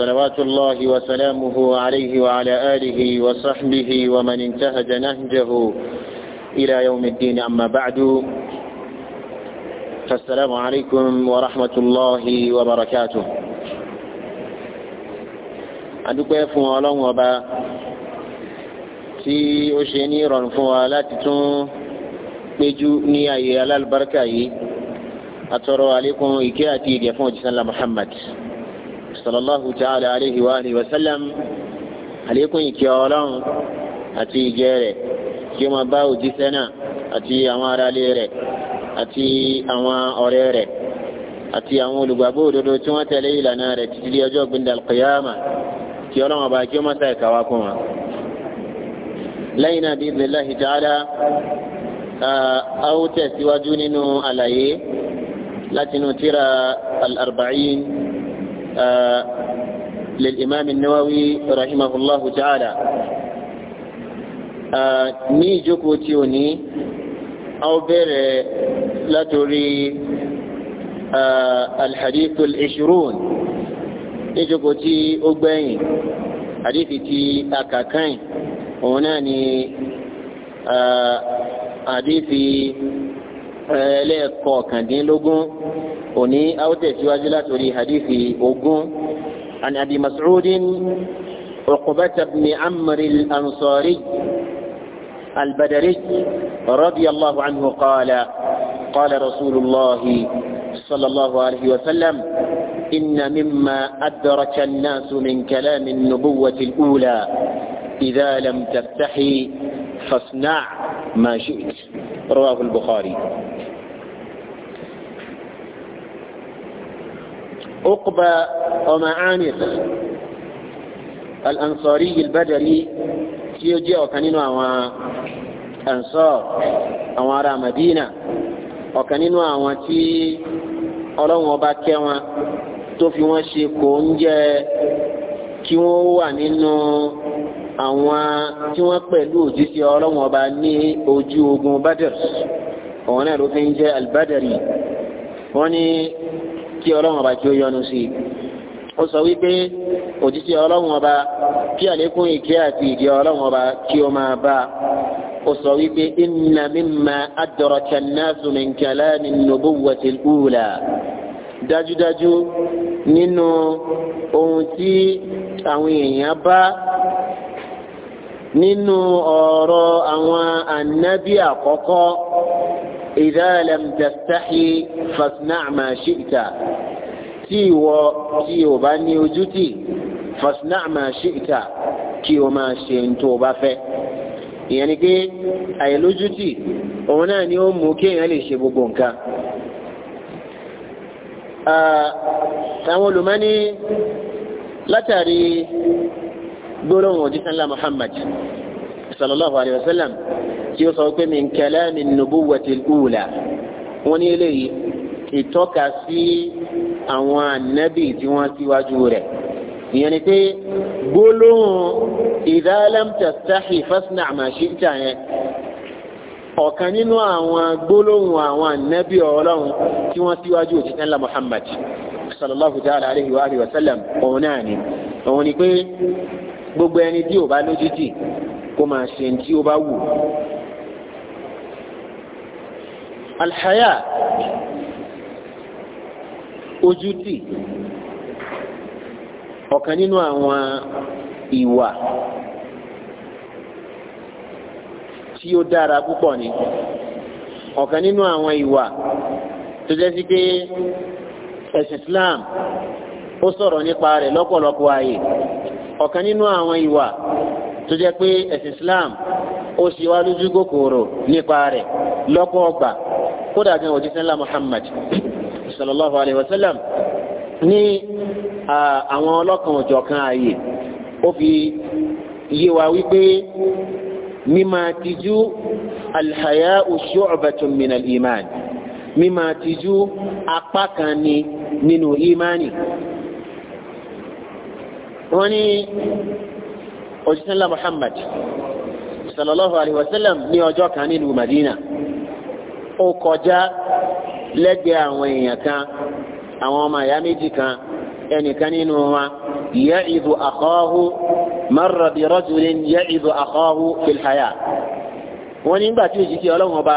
صلوات الله وسلامه عليه وعلى آله وصحبه ومن انتهج نهجه إلى يوم الدين أما بعد فالسلام عليكم ورحمة الله وبركاته أدوك يفهم الله وبا تي ó ṣe ní ìrọ̀rùn fún wa láti tún péjú ní àyè alálùbáríkà yìí àtọ̀rọ̀ àlékún sallallahu ta'ala alayhi wa alihi wa sallam àlékún ìkẹ́ ọlọ́run àti ìjẹ́ rẹ̀ kí ó máa bá òjíṣẹ́ náà àti àwọn aráalé rẹ̀ àti àwọn ọ̀rẹ́ rẹ̀ àti àwọn olùgbàgbọ́ òdodo tí wọ́n tẹ̀lé ìlànà rẹ̀ títí di ọjọ́ gbìndà alqiyama kí ọlọ́run ọba kí ó máa sáyẹ̀ káwá kún wa. lẹ́yìn náà bi'iznillahi ta'ala a tẹ̀síwájú nínú àlàyé látinú tíra al-arba'in للإمام النووي رحمه الله تعالى ní ìjókòó tí ò ní a ó bẹ̀rẹ̀ látorí alhadithu al-ishirun ìjókòó tí ó gbẹ̀yìn hadithi tí a kà kàn òun náà ni hadithi ẹlẹ́ẹ̀kọkàndínlógún òní àwòtẹ̀síwájú látòrí hadithi ogún عن أبي مسعود عقبة بن عمرو الأنصاري البدري رضي الله عنه قال قال رسول الله صلى الله عليه وسلم إن مما أدرك الناس من كلام النبوة الأولى إذا لم تفتحي فاصنع ما شئت رواه البخاري أقبى أم عامر الأنصاري البدري تيجي وكانين أو أنصار أو أرى مدينة وكانين أو تي ọlọ́run ọba kẹ́ wọn tó fi wọ́n ṣe kò ń jẹ́ kí wọ́n wà nínú àwọn tí wọ́n pẹ̀lú òjíṣẹ́ ọlọ́wọ́n ọba ní ojú ogun badr àwọn náà ló fi ń jẹ́ albadari wọ́n ní kí ọlọ́wọ́n ọba kí ó yọ́nú sí i ó sọ wípé òjíṣẹ́ ọlọ́wọ́n ọba kí àlékún ìkẹ́ àti ìdí ọlọ́wọ́n ọba kí ó máa bá ó sọ wípé inna mimma adraka an-nasu min kalami an-nubuwwati al dájúdájú nínú ohun tí àwọn èèyàn bá nínú ọ̀rọ̀ àwọn ànábì àkọ́kọ́ idha lam tastahi fasna' ma shi'ta tí ìwọ tí o bá ní ojú tì fasna' ma shi'ta kí o máa ṣe ní tó o bá fẹ́ ìyẹn ni òun náà ni ó mú kí èèyàn lè ṣe gbogbo nǹkan àwọn olùmọ́ látàrí gbólóhùn òjíṣẹ́ ńlá Muhammad sallallahu alayhi wa sallam tí ó sọ pé min kalami nubuwati al-ula wọ́n ní eléyìí ìtọ́ka sí àwọn ànábì tí wọ́n síwájú rẹ̀ ìyẹn ni pé gbólóhùn idha lam tastahi fasna' ma shi'ta yẹn ọ̀kan nínú àwọn gbólóhùn àwọn ànábì ọlọ́run tí wọ́n síwájú òjíṣẹ́ ńlá Muhammad sallallahu alayhi wa sallam òun náà ni òun ni pé gbogbo ẹni tí ó bá lójútì kó máa ṣe ní tí o bá wù. alhaya ojútì ọ̀kan nínú àwọn ìwà tí ó dára púpọ̀ ni ọ̀kan nínú àwọn ìwà tó jẹ́ sí pé ẹ̀sìn Islam ó sọ̀rọ̀ nípa rẹ̀ lọ́pọ̀lọpọ̀ ààyè ọ̀kan nínú àwọn ìwà tó jẹ́ pé ẹ̀sìn Islam ó sì wá lójú kòkòrò nípa rẹ̀ lọ́pọ̀ ọgbà kódà gan òjíṣẹ́ ńlá Muhammad sallallahu alayhi wa sallam ní àwọn ọlọ́kan òjọ̀kan ààyè ó fi yé wa wípé mímá tijú alhaya'u shu'batun min al-iman mímá tijú apá kan ni nínú ìmánì wọ́n ní òjísánlá Muhammad sallallahu alaihi wasallam ní ọjọ́ kan nílùú Madina ó kọjá lẹ́gbẹ̀ẹ́ àwọn èèyàn kan àwọn ọmọ ìyá méjì kan ẹnìkan nínú wa ya'idu akhahu marra bi rajulin ya'idu akhahu fil haya wọ́n ní nígbà tí Ọlọ́run ọba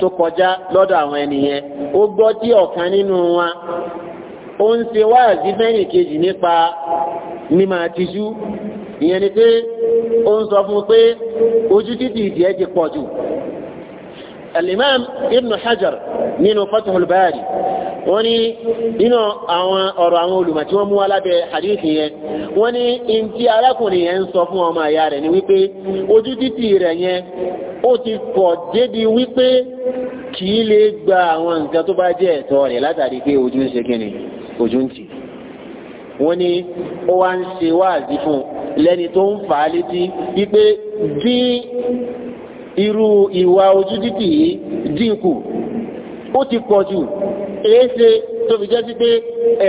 tó kọjá lọ́dọ̀ àwọn ènìyàn ó gbọ́ tí ọ̀kan nínú wa ó ń ṣe wáyà sí fẹ́nìkejì nípa ní máa tijú ìyẹn ni pé ó ń sọ fún un pé ojú títì ìdíyẹ ti pọ̀ jù. Al-Imam Hajar nínú Fathul Bari wọ́n ní nínú àwọn ọ̀rọ̀ àwọn olùmọ̀ tí wọ́n mú alábẹ́ hadith yẹn wọ́n ní in tí arákùnrin yẹn ń sọ fún ọmọ àyà rẹ̀ ni wípé ojú títì rẹ̀ yẹn ó ti pọ̀ débi wípé kìí lè gba àwọn nǹkan tó bá jẹ́ ẹ̀tọ́ rẹ̀ látàrí pé ojú ń ṣe kíni ojú ń tì wọ́n ní ó wá ń ṣe wáàzí fún lẹ́ni tó ń fà á létí wípé dín irú ìwà ojú títì yìí dínkù ó ti pọ̀ jù èéṣe tó fi jẹ́ sí pé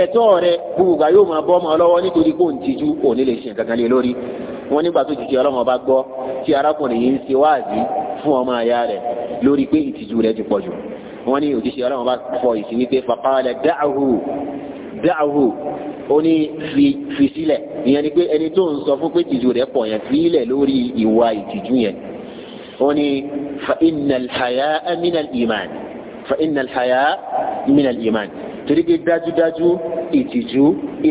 ẹ̀tọ́ rẹ gbogbo ìgbà yóò máa bọ́ ọmọ ọlọ́wọ́ nítorí kó ń tijú òní lè ṣe nǹkan kan lé lórí wọn nígbà tó jìjì ọlọ́mọ bá gbọ́ tí arákùnrin yìí ń ṣe wáàzí fún ọmọ àyá rẹ̀ lórí pé ìtìjú rẹ̀ ti pọ̀ jù wọn ní òjìṣẹ́ ọlọ́mọ bá fọ ìsìn wípé faqala da'hu da'hu ó ní fi fi sílẹ̀ ìyẹn ni pé ẹni tó ń sọ fún pé tìjú rẹ̀ pọ̀ yẹn sílẹ̀ lórí ìwà ìtìjú yẹn ó ní fa innal hayaa minal iman fa innal hayaa minal iman torí pé dájúdájú ìtìjú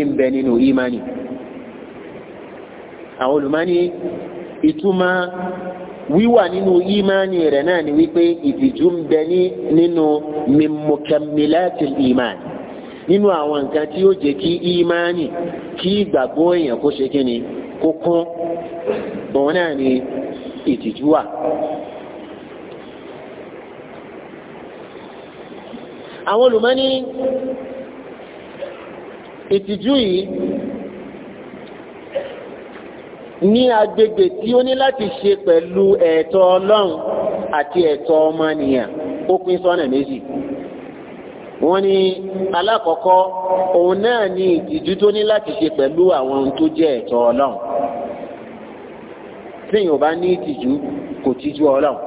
ń nínú ìmánì àwọn olùmọ́ni ìtumọ̀ wíwà nínú ìmánì rẹ̀ náà ni wípé ìtìjú ń bẹ nínú mímọ̀kẹ́mílẹ́tì ìmánì nínú àwọn nǹkan tí ó jẹ́ kí ìmánì kí ìgbàgbọ́ èèyàn kó ṣe kíni kó kún òun náà ni ìtìjú wà. àwọn olùmọ́ni ìtìjú yìí ní agbègbè tí ó ní láti ṣe pẹ̀lú ẹ̀tọ́ Ọlọ́run àti ẹ̀tọ́ ọmọnìyàn ó pín sọ́nà méjì wọ́n ní alákọ̀ọ́kọ́ òun náà ní ìtìjú tó ní láti ṣe pẹ̀lú àwọn ohun tó jẹ́ ẹ̀tọ́ ọlọ́run tíyìn ò bá ní ìtìjú kò tíjú ọlọ́run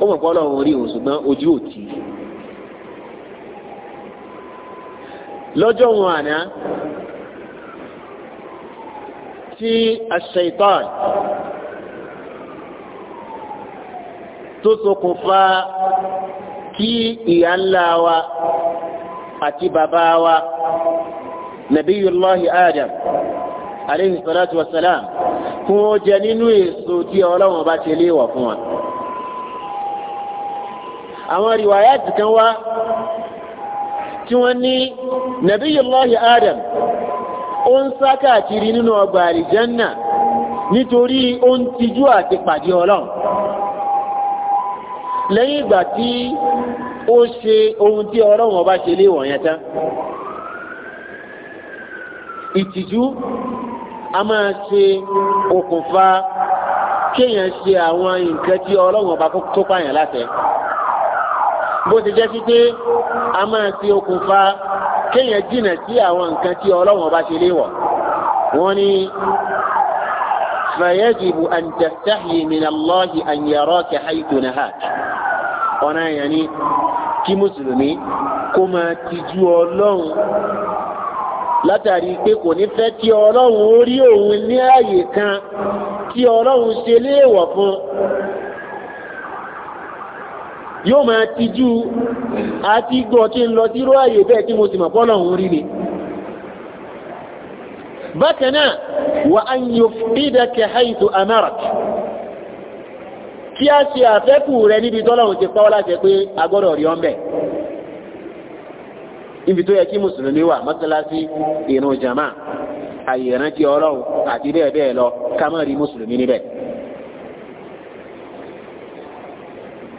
ó mọ̀ pé ọlọ́run orí òun ṣùgbọ́n ojú ò tì í lọ́jọ́ wọn àná tí aṣ tó ṣokùnfà kí ìyá ńlá wa àti bàbá wa nabiyullahi adam aleyhi salatu wa salam fún ó jẹ nínú èso tí ọlọ́wọ́n bá ṣe léèwọ̀ fún wa àwọn riwayat kan wá tí wọ́n ní nabiyullahi adam ó ń sá káàkiri nínú ọgbà àlìjẹ́nnà nítorí ó ń tijú àti pàdé ọlọ́run lẹ́yìn ìgbà tí ó ṣe ohun tí ọlọ́run ọba ṣe lé wọ̀nyẹn tán ìtìjú a máa ṣe okùnfà kéèyàn ṣe àwọn nǹkan tí ọlọ́run ọba tó pààyàn láṣẹ bó ti jẹ́ sí pé a máa ṣe okùnfà kéèyàn jìnà sí àwọn nǹkan tí ọlọ́run ọba ṣe lé wọ̀ wọ́n ní fayajibu an tastahi min Allahi an yaraka haythu ọ̀nà èèyàn ni kí mùsùlùmí kó máa tijú ọlọ́run látàrí pé kò ní fẹ́ tí ọlọ́run ó rí òun ní ààyè kan tí ọlọ́run ṣe léèwọ̀ fún yóò máa tijú àti gbọ́ kí n lọ síró ààyè bẹ́ẹ̀ tí mo sì mọ̀ pọ́lọ́run rí ni bákan náà wà á yọ fídà kẹ́hàìtò amáràkì kí a ṣe àfẹ́kù rẹ níbi tọ́lọ́run ti pàwọ́ láṣẹ pé a gbọ́dọ̀ rí ọ́nbẹ̀ níbi tó yẹ kí mùsùlùmí wà mọ́sálásí ìrun jama àyè ìrántí ọlọ́run àti bẹ́ẹ̀ bẹ́ẹ̀ lọ ká má rí mùsùlùmí níbẹ̀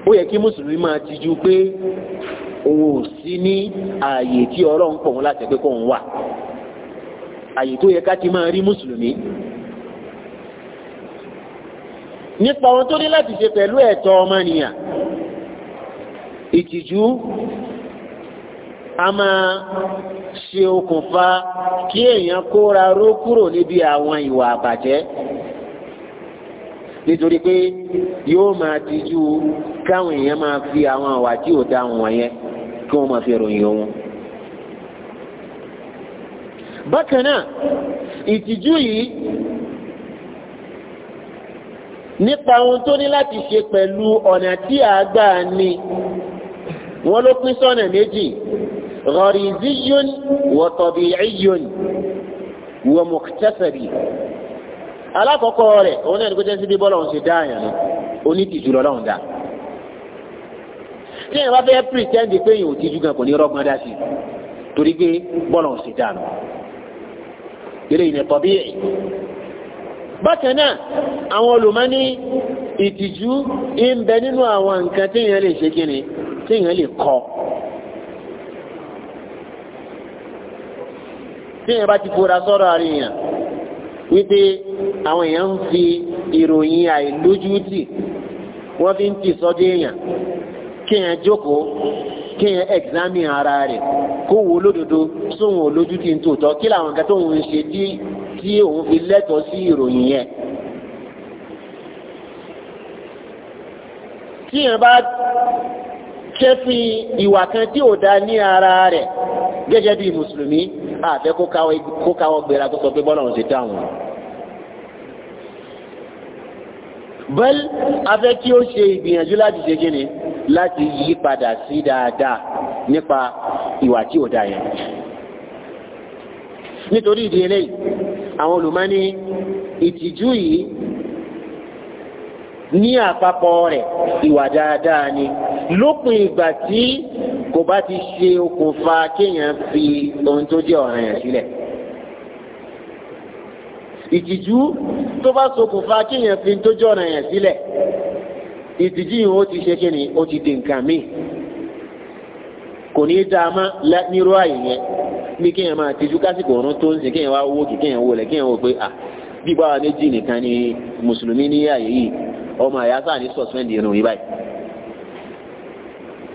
ó yẹ kí mùsùlùmí máa tijú pé òun ò sí ní ààyè tí ọlọ́run pọ̀ wọn láti pé kóun wà ààyè tó yẹ ká ti máa rí mùsùlùmí nípa ohun tó ní láti ṣe pẹ̀lú ẹ̀tọ́ ọmọnìyàn ìtìjú a máa ṣe okùnfà kí èèyàn kóra ró kúrò níbi àwọn ìwà àbàjẹ́ nítorí pé yóò máa tijú káwọn èèyàn máa fi àwọn àwà tí ò dá wọn kí wọ́n máa fi ròyìn òun. bákan náà ìtìjú yìí nípa ohun tó ní láti ṣe pẹ̀lú ọ̀nà tí a gbà ní wọ́n ló pín sọ́nà méjì ghariziyun wa tabi'iyun wa muktasabi alákọ̀ọ́kọ́ rẹ̀ òun náà ní pété síbi bọ́lá òun ṣe dá àyàn ni onítìjú lọ́lọ́run dá tí èèyàn bá fẹ́ pretend pé èèyàn ò tijú gan kò ní rọ́gbọ́n dá sí torí pé bọ́lá òun ṣe dá nù eléyìí ni tabi'i bákan náà àwọn olùmọ̀ ní ìtìjú ń bẹ nínú àwọn nǹkan tí èèyàn lè ṣe kíni tí èèyàn lè kọ tí èèyàn bá ti fura sọ́rọ̀ àárín èèyàn wípé àwọn èèyàn ń fi ìròyìn àìlójútì wọ́n fi ń tì sọ́jú èèyàn kí èèyàn jókòó kí èèyàn ẹ̀gzámì ara rẹ̀ kó wo lódodo sóhun olójútì ń tòótọ́ kí làwọn nǹkan tó ń ṣe tí tí òun fi lẹ́tọ̀ọ́ sí ìròyìn yẹn. tí yẹn bá ṣẹ́fì ìwà kan tí ò dá ní ara rẹ̀ gẹ́gẹ́ bí mùsùlùmí àfẹ́ kó káwọ́ gbéra tó sọ pé bọ́lá òun ti dáhùn. bẹ́ẹ̀ afẹ́ kí ó ṣe ìgbìyànjú láti ṣe kí ni láti yí padà sí dáadáa nípa ìwà tí ò dá yẹn. nítorí ìdí eléyìí àwọn olùmọ́ni ìtìjú yìí ní àpapọ̀ rẹ̀ ìwà dáadáa ni lópin ìgbà tí kò bá ti ṣe okùnfà kéèyàn fi ohun tó jẹ́ ọ̀ràn yẹn sílẹ̀ ìtìjú tó bá ṣokùnfà kéèyàn fi ohun tó jẹ́ ọ̀ràn yẹn sílẹ̀ ìtìjú yìí ó ti ṣe kí ni ó ti di nǹkan míì kò ní í dáa mọ́ nírú àyè yẹn bí kéèyàn máa tijú kásìkò ọ̀run tó ń sìn kéèyàn wá owó kì kéèyàn wọlé kéèyàn wò pé à ah, bí báwa méjì nìkan ni mùsùlùmí ní àyè yìí ọmọ àyà sáà ní sọ̀spẹ́ndì irun yìí báyìí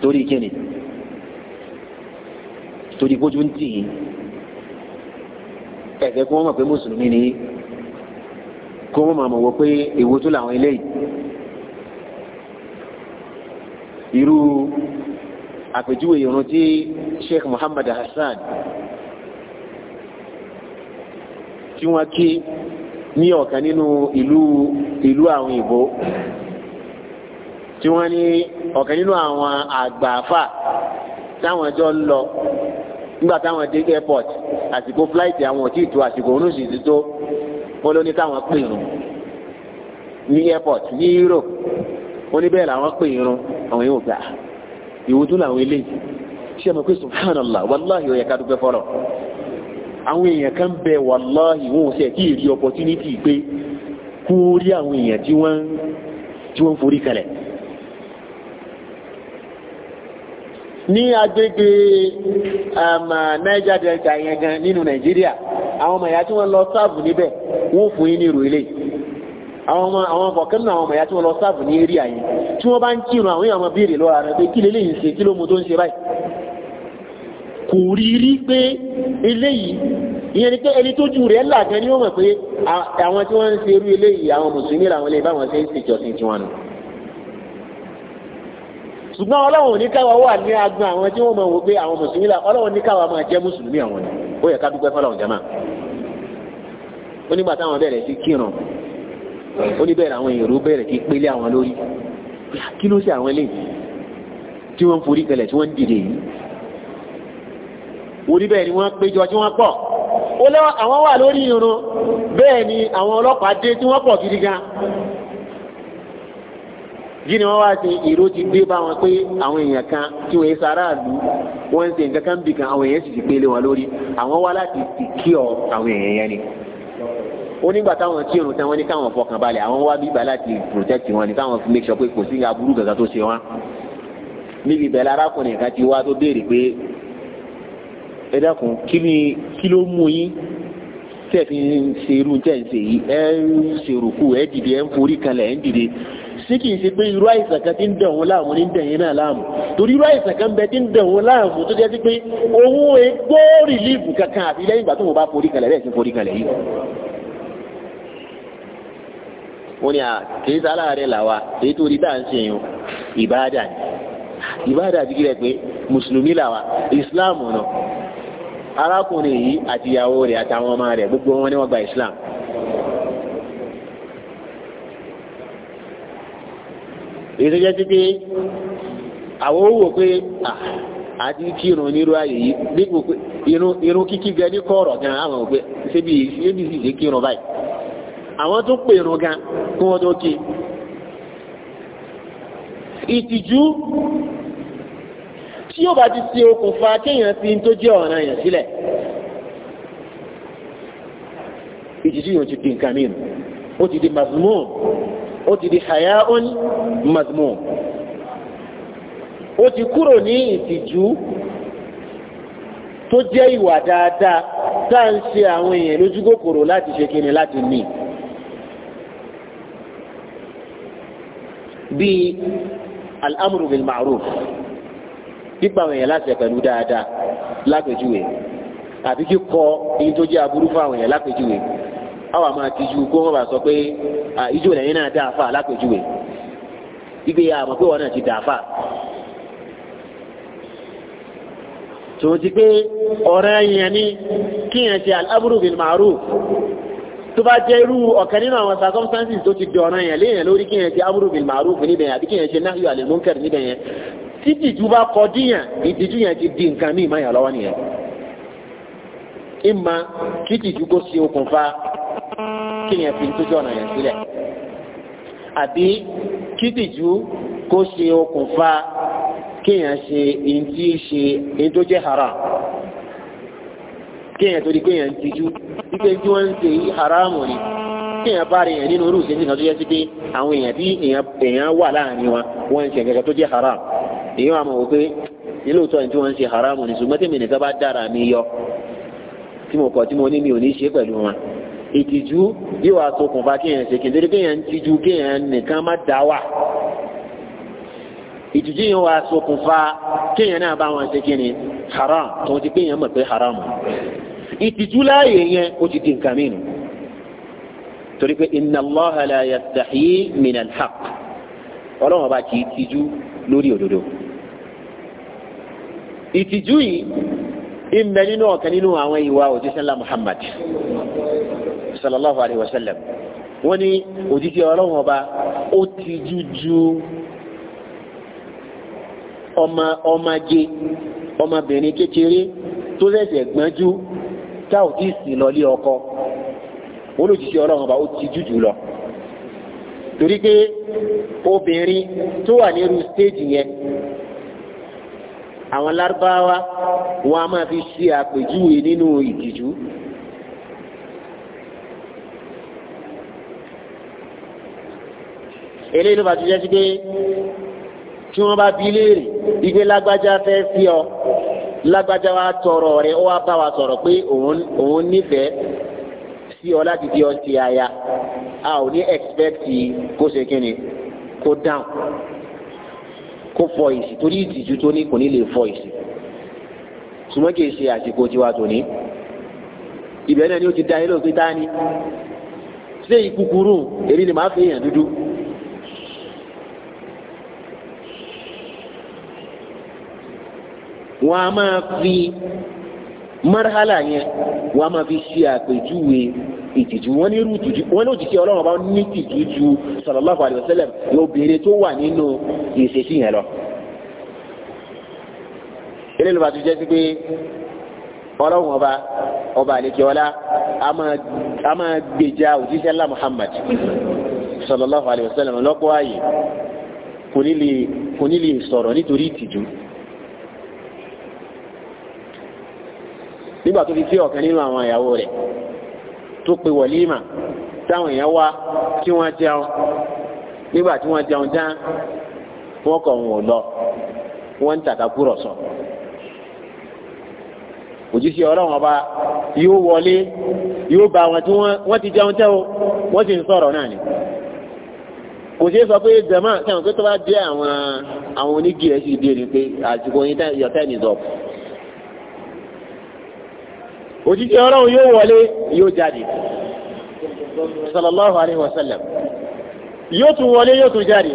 torí kíni torí kójú ń tì yín ẹ̀fẹ́ kí wọ́n mọ̀ pé mùsùlùmí ni kí wọ́n mọ̀ wọ́n pé èwo tó làwọn eléyìí irú àpèjúwe irun tí Sheikh Muhammad Hassan tí wọ́n kí ní ọ̀kan nínú ìlú ìlú àwọn ìbò tí wọ́n ní ọ̀kan nínú àwọn àgbààfà táwọn ẹjọ́ ń lọ nígbà táwọn dé airport àsìkò flight àwọn ò tí ì tó àsìkò òun sì ti tó wọ́n ló ní káwọn pè irun ní airport ní Europe ó ní bẹ́ẹ̀ làwọn pè irun àwọn yóò gbà á ìwò tó làwọn ilé ṣe mọ̀ pé subhanallah wàláhì ó yẹ ká dúpẹ́ fọ́lọ̀ àwọn èèyàn kan bẹ wàláhì wọn ò sẹ̀ kí èrí opportunity pé kú rí àwọn èèyàn tí wọ́n tí wọ́n forí kalẹ̀ ní agbègbè um, Niger Delta yẹn gan nínú Nàìjíríà àwọn ọmọ ìyá tí wọ́n lọ sáàbù níbẹ̀ wọ́n fún yín ní ìrò ilé yìí àwọn ọmọ àwọn ọkàn náà àwọn ọmọ ìyá tí wọ́n lọ sáàbù ní eré àyè tí wọ́n bá ń kírun àwọn èèyàn máa béèrè lọ́ra rẹ̀ pé kí lélẹ́yìn ṣe kí ló mu tó ń ṣe báyìí kò rí rí pé eléyìí ìyẹn ni pé ẹni tójú rẹ̀ là gan ni ó mọ̀ pé àwọn tí wọ́n ń ṣe irú eléyìí àwọn mùsùlùmí làwọn eléyìí báwọn ṣe ń ṣèjọsìn tiwọn nù ṣùgbọ́n ọlọ́run ní káwa wà ní agbọn àwọn tí wọ́n mọ̀ wò pé àwọn mùsùlùmí là ọlọ́run ní káwa máa jẹ́ mùsùlùmí àwọn ni ó yẹ ká dúpẹ́ fọlọ́run jẹ́ máa ó nígbà táwọn bẹ̀rẹ̀ sí kírun ó ní bẹ́ẹ̀ àwọn èrò bẹ̀rẹ̀ kí pélé àwọn lórí kí ló ṣe àwọn eléyìí tí wọ́n ń forí kalẹ̀ tí wọ́n ń dìde yìí ó ní bẹ́ẹ̀ ni wọ́n péjọ tí wọ́n pọ̀ ó lẹ́wọ́ àwọn wà lórí irun bẹ́ẹ̀ ni àwọn ọlọ́pàá dé tí wọ́n pọ̀ gidi gan yìí ni wọ́n wá ṣe èrò ti dé bá wọn pé àwọn èèyàn kan tí wọ́n ṣe aráàlú wọ́n ń ṣe nǹkan kan bì kan àwọn èèyàn sì ti pélé wọn lórí àwọn wá láti secure àwọn èèyàn yẹn ni onígbà táwọn tí irun tán wọn ní káwọn fọkàn balẹ̀ àwọn wá bíbá láti protect wọn ní káwọn make sure pé kò sí aburú kankan tó ṣe wọn. níbi ìbẹ̀lẹ̀ arákùnrin kan ti wá tó béèrè pé ẹ dákun kí ni kí ló mú yín tẹ̀ fi ń ṣe irú tẹ̀ ń ṣe yìí ẹ ń ṣèrùkù ẹ dìde ẹ ń forí kalẹ̀ ẹ ń dìde ṣé kìí ṣe pé irú àìsàn kan ti ń dẹ̀wọ̀n láàmú ní dẹ̀yìn náà láàmú torí irú àìsàn kan bẹ ti ń dẹ̀wọ̀n láàmú tó jẹ́ sí pé òun ègbó rìlíìfù kankan àti lẹ́yìn ìgbà tó mo bá forí kalẹ̀ bẹ́ẹ̀ sí forí kalẹ̀ yìí wọ́n ní à kìí sálà rẹ̀ làwà èyí tó rí tá à ń ṣèyàn ìbáàdà ni ìbáàdà ti kílẹ̀ pé mùsùlùmí làwà ìsìláàmù náà arákùnrin yìí àti ìyàwó rẹ̀ àtàwọn ọmọ rẹ̀ gbogbo wọn ni wọ́n gba ìsìláàmù. èyí tó jẹ́ sí pé àwọn owó pé àti kírun nírú ààyè yìí dípò pé irun kíkí gẹ ní kọ̀ọ̀rọ̀ gan àwọn òpè ṣébi ṣébi sì ṣe kírun báyìí àwọn tó pèrò gan kí wọ́n tó kí ìtìjú tí yóò bá ti ṣe okùnfà kéèyàn ti tó jẹ́ ọ̀ràn yẹn sílẹ̀ ìtìjú yóò ti di nǹkan mìíràn ó ti di mazmum ó ti di hayaun mazmum ó ti kúrò ní ìtìjú tó jẹ́ ìwà dáadáa tá à ń ṣe àwọn èèyàn lójú láti ṣe kíni láti ní. bíi al-amru bil ma'ruf pípa àwọn èèyàn láti ẹ̀ pẹ̀lú dáadáa lápèjúwe àbí kíkọ èyí tó jẹ́ aburú fún àwọn èèyàn lápèjúwe àwọn àmọ́ àtijú kó wọ́n bá sọ pé ìjọ lẹ́yìn náà dáa fà lápèjúwe gbígbé ya àmọ́ pé wọ́n náà ti dáa fà. tòun ti pé ọ̀rẹ́ yẹn ni kíyàn ṣe al bil ma'ruf tó bá jẹ́ irú ọ̀kan nínú àwọn circumstances tó ti di ọ̀ràn yẹn léèyàn lórí kí yẹn ti amúrú bil ma'ruf níbẹ̀ yẹn àbí kí yẹn ṣe nahyu anil munkar níbẹ̀ yẹn tí ìtìjú bá kọ díyàn ìtìjú yẹn ti di nǹkan míì máa yàn lọ́wọ́ nìyẹn. ìmọ̀ kí ìtìjú kó ṣe okùnfà kí yẹn fi tójú ọ̀nà yẹn sílẹ̀ àbí kí ìtìjú kó ṣe okùnfà kí yẹn ṣe ìtì ṣe ètò jẹ́ haram kéèyàn torí kéèyàn ti jú wípé tí wọ́n ń ṣe haramu ni kéèyàn bá rèèyàn nínú irú ìṣẹ́jú kan tó yẹ sí pé àwọn èèyàn tí èèyàn wà láàrin wa wọ́n ń ṣe nǹkan tó jẹ́ haram èèyàn àmọ̀ wípé nílòótọ́ ni tí wọ́n ń ṣe haramu ni ṣùgbọ́n tèmi nìkan bá dára mi yọ tí mo kọ̀ tí mo ní mi ò ní ṣe pẹ̀lú wọn ìtìjú yóò wá ṣokùnfà kéèyàn ṣe kìndérí kéèyàn ń tijú kéèyàn nìkan má dá wà ìtìjú yẹn wá ṣokùnfà kéèyàn náà bá wọn ṣe kí ni haram tó ti kéèyàn mọ̀ pé haram ìtìjú láàyè yẹn ó ti di nǹkan mìíràn torí pé inna Allaha la yastahi minal haqq ọlọ́run ọba kì í tìjú lórí òdodo ìtìjú yìí ìmẹ nínú ọ̀kan nínú àwọn ìwà òjíṣẹ́ ńlá Muhammad sallallahu alayhi wa sallam wọ́n ní òjíṣẹ́ ọlọ́run ọba ó tìjú ju ọmọ ọmọge ọmọbìnrin kékeré tó ṣẹ̀ṣẹ̀ gbọ́njú tá ò tí ì sìn lọ lé ọkọ olójijì ọlọ́run ọba ó ti jújù lọ torí pé obìnrin tó wà nírú stéèjì yẹn àwọn lárúbáwá wọn a máa fi ṣe àpèjúwe nínú ìtìjú. eléyìí ló bá ti jẹ́ sí pé tí wọ́n bá bi léèrè ìgbé lágbájá fẹ́ fi ọ lágbájá wa tọrọ rẹ̀ ó wá bá wa sọ̀rọ̀ pé òun òun nífẹ̀ẹ́ sí ọ láti di ọ aya a ò ní ẹ̀kspẹ́kìtì kó ṣe kí ni kó dáhùn kó fọ èsì torí ìtìjú tó ní kò ní lè fọ èsì ṣùgbọ́n kì í ṣe àsìkò tiwa tòní ibẹ̀ náà ni ó ti da ilé òfin dání ṣé ìkúkúrú ni màá fi èèyàn dúdú. wọn a máa fi marahala yẹn wọn a máa fi ṣe àpèjúwe ìtìjú wọn ní irú ìtìjú wọn ní òjìṣẹ́ ọlọ́run bá ní ìtìjú ju sallallahu alaihi wasallam obìnrin tó wà nínú ìṣesí yẹn lọ. eléyìí ló bá tún jẹ́ sí pé ọlọ́run ọba ọba àlekèọ́lá a máa gbèjà òjíṣẹ́ ńlá Muhammad sallallahu alaihi wasallam lọ́pọ̀ ààyè kò ní lè sọ̀rọ̀ nítorí ìtìjú. nígbà tó fi fi ọ̀kan nínú àwọn ìyàwó rẹ̀ tó pe wọ̀límà táwọn èèyàn wá kí wọ́n jẹun nígbà tí wọ́n jẹun tán wọ́n kọ̀ wọn ò lọ wọ́n ń tàkàkùrọ̀sọ. òjíṣẹ́ ọlọ́run ọba yóò wọlé yóò bá wọn tí wọ́n ti jẹun tẹ́ o wọ́n sì ń sọ̀rọ̀ náà ni kò ṣeé sọ pé jẹ̀mọ́ sẹ́wọ̀n pé tó bá dé àwọn àwọn onígi ẹ̀ sì pé àsìkò yín yọ̀tẹ́ nìzọ́pù òjíṣẹ́ ọlọ́run yóò wọlé yóò jáde sallallahu alayhi wa sallam yóò tún wọlé yóò tún jáde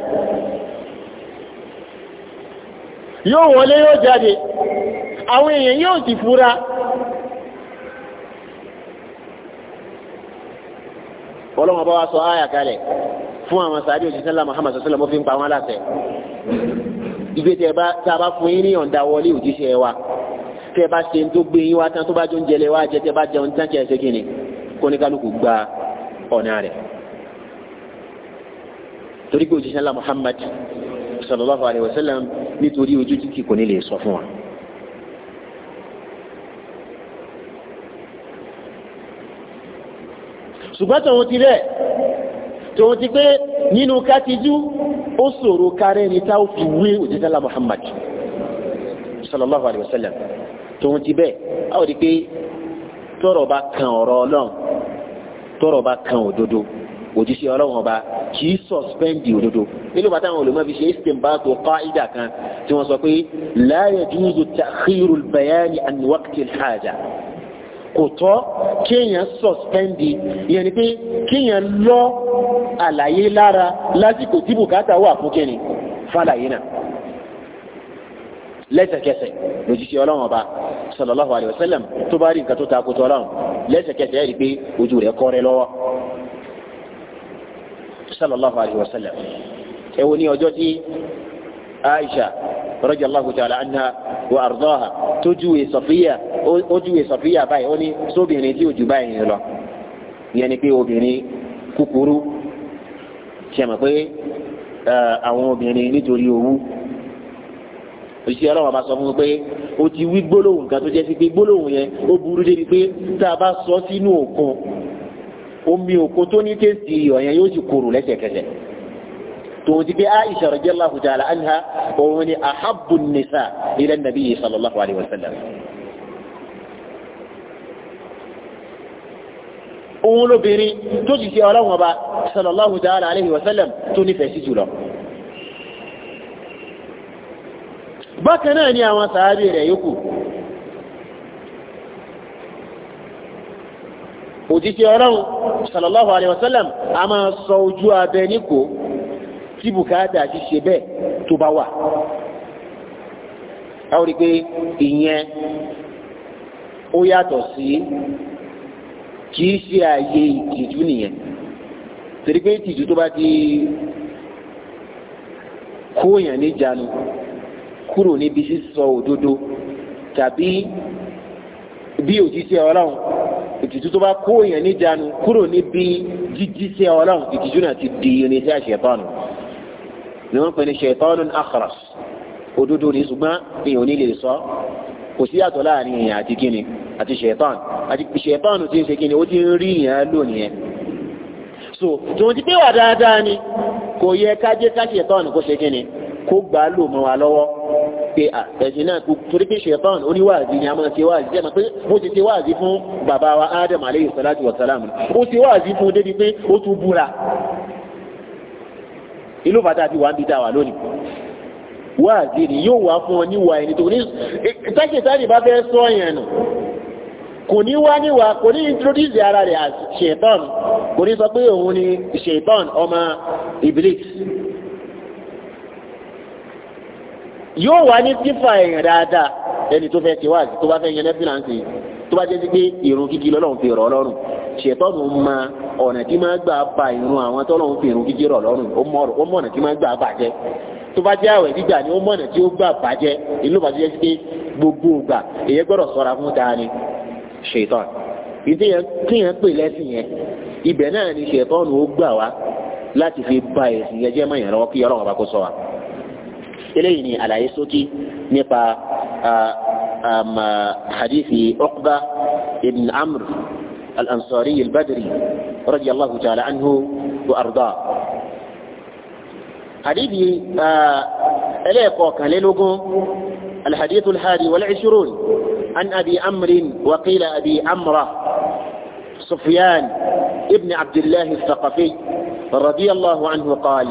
yóò wọlé yóò jáde àwọn èèyàn yóò ti fura ọlọ́run bá wá sọ áyà kalẹ̀ fún àwọn sàádé òjíṣẹ́ ńlá Muhammad sallallahu alayhi wa sallam fi ń pa wọn láṣẹ ìgbésẹ̀ bá tá a bá fún yín ní ọ̀ǹda wọlé òjíṣẹ́ wa tẹ́ bá ṣe tó gbé yín wá tán tó bá jọ ń jẹlẹ wá jẹ tẹ́ jẹun tán kẹ́ ẹ ṣe kíni kó gba ọ̀nà rẹ̀ torí pé òjíṣẹ́ ńlá Muhammad sallallahu alayhi wa sallam nítorí ojú títì kò ní lè sọ fún wa. ṣùgbọ́n tòun ti rẹ̀ tòun ti pé nínú kátijú ó ṣòro kárẹ́ni tá ó fi wé òjíṣẹ́ ńlá Muhammad sallallahu alayhi wa sallam tòun ti bẹ́ẹ̀ a ò rí pé tọ́rọ̀ bá kan ọ̀rọ̀ Ọlọ́run tọ́rọ̀ bá kan òdodo òjíṣẹ́ Ọlọ́run ọba kì í sọspẹndì òdodo nínú bàtà àwọn olùmọ̀ fi ṣe istinbatu qaida kan tí wọ́n sọ pé la yajuzu ta'khiru al-bayani an waqti al-haja kò tọ́ kéèyàn sọ̀spẹ́ndì ìyẹn ni pé kéèyàn lọ àlàyé lára lásìkò tí bùkátà wà fún kíni fàlàyé náà lẹ́sẹ̀kẹsẹ̀ lójijì ọlọ́run ọba sallallahu alayhi wa sallam tó bá rí nǹkan tó takò tó ọlọ́run lẹ́sẹ̀kẹsẹ̀ ẹ̀rí pé ojú rẹ̀ kọ́rẹ́ lọ́wọ́ sallallahu alayhi wa sallam ẹ wo ní ọjọ́ tí Aisha radiyallahu ta'ala anha wa ardaha tó júwe Safiya ó júwe Safiya báyìí ó ní sóbìnrin tí ò báyìí lọ ìyẹn ni pé obìnrin kúkúrú ṣe mọ̀ pé àwọn obìnrin nítorí owó òṣìṣẹ́ ọlọ́run bá sọ fún un pé o ti wí gbólóhùn kan tó jẹ́ sí pé gbólóhùn yẹn ó burú débi pé tá a bá sọ sínú òkun omi òkun tó ní tèsì iyọ̀ yẹn yóò sì korò lẹ́sẹ̀kẹsẹ̀ tòun ti pé aisha radiyallahu ta'ala anha òun ni ahabbu nisa ila nabiyyi sallallahu alayhi wa sallam. òun lóbìnrin tó sì ṣe ọlọ́run ọba sallallahu ta'ala alayhi wa sallam tó nífẹ̀ẹ́ sí jùlọ. bákan náà ni àwọn sàábì rẹ̀ yòókù òjíṣẹ́ ọlọ́run sallallahu alayhi wa sallam a máa sọ ojú abẹ níkò tí bùkátà ti ṣe bẹ́ẹ̀ tó bá wà a rí pé ìyẹn ó yàtọ̀ sí kìí ṣe ààyè ìtìjú nìyẹn torí pé ìtìjú tó bá ti kóyàn níjànú kúrò níbi sísọ òdodo tàbí bí òjíṣẹ́ ọlọ́run ìtìjú tó bá kó èèyàn níjànú kúrò níbi jíjíṣẹ́ ọlọ́run ìtìjú náà ti di irinṣẹ́ àṣetánù ni wọ́n pè ní ṣetánù akhras òdodo ní ṣùgbọ́n èèyàn ò ní lè sọ kò sí yàtọ̀ láàrin èèyàn àti kíni àti ṣetánù àti ṣetánù ti ń ṣe kíni ó ti ń rí èèyàn lónìí so tòun ti pé wà dáadáa ni kò yẹ ká jẹ́ ká ṣetánù kó ṣe kíni kó gbà á lò mọ́ wa lọ́wọ́ pé ẹ̀sìn náà torí pé ṣẹ̀fọ́n oníwàásí ni a máa ṣe wàásí jẹ́ pé ó ti ṣe wàásí fún bàbá wa Adam aleyhi salatu wa salam ó ṣe wàásí fún débi pé ó tún búra ìlú fàtà àti wàá ń bí dá wa lónìí wàásí ni yóò wá fún ọ níwà ẹni tó ní tákìtárì bá fẹ́ sọ yẹn nù kò ní wá níwà kò ní introduce ara rẹ̀ as ṣẹ̀tọ́n kò ní sọ pé òun ni ṣẹ̀tọ́n ọmọ Iblis yóò wá ní sífà èèyàn dáadáa ẹni tó fẹ́ ṣe wá tó bá fẹ́ yẹn lẹ́fìlà ń ṣe tó bá jẹ́ sí pé ìrun kíkí lọ́lọ́run fi rọ̀ lọ́rùn ṣètọ́nù ma ọ̀nà tí máa gbà ba ìrun àwọn tọ́lọ́run fi ìrun kíkí rọ̀ lọ́rùn ó mọ̀ ọ̀nà tí máa gbà bàjẹ́ tó bá jẹ́ àwẹ̀ gbígbà ni ó mọ̀ ọ̀nà tí ó gbà bàjẹ́ ìlú bàjẹ́ sí pé gbogbo ìgbà èyẹ gbọ́dọ̀ sọ́ra fún dání ṣètọ́n ìdí yẹn kí yẹn pè lẹ́sìn yẹn ibẹ̀ náà ni ṣètọ́nù ó gbà wá láti fi ba ẹ̀sìn yẹn jẹ́ mọ́ ìrànlọ́wọ́ kí ọlọ́run ọba kó sọ wa. إليه على يسوك نقا حديث عقبه بن عمرو الأنصاري البدري رضي الله تعالى عنه وأرضاه حديثي إليقوك للقوم الحديث الحادي والعشرون عن أبي أمر وقيل أبي أمر سفيان ابن عبد الله الثقفي رضي الله عنه قال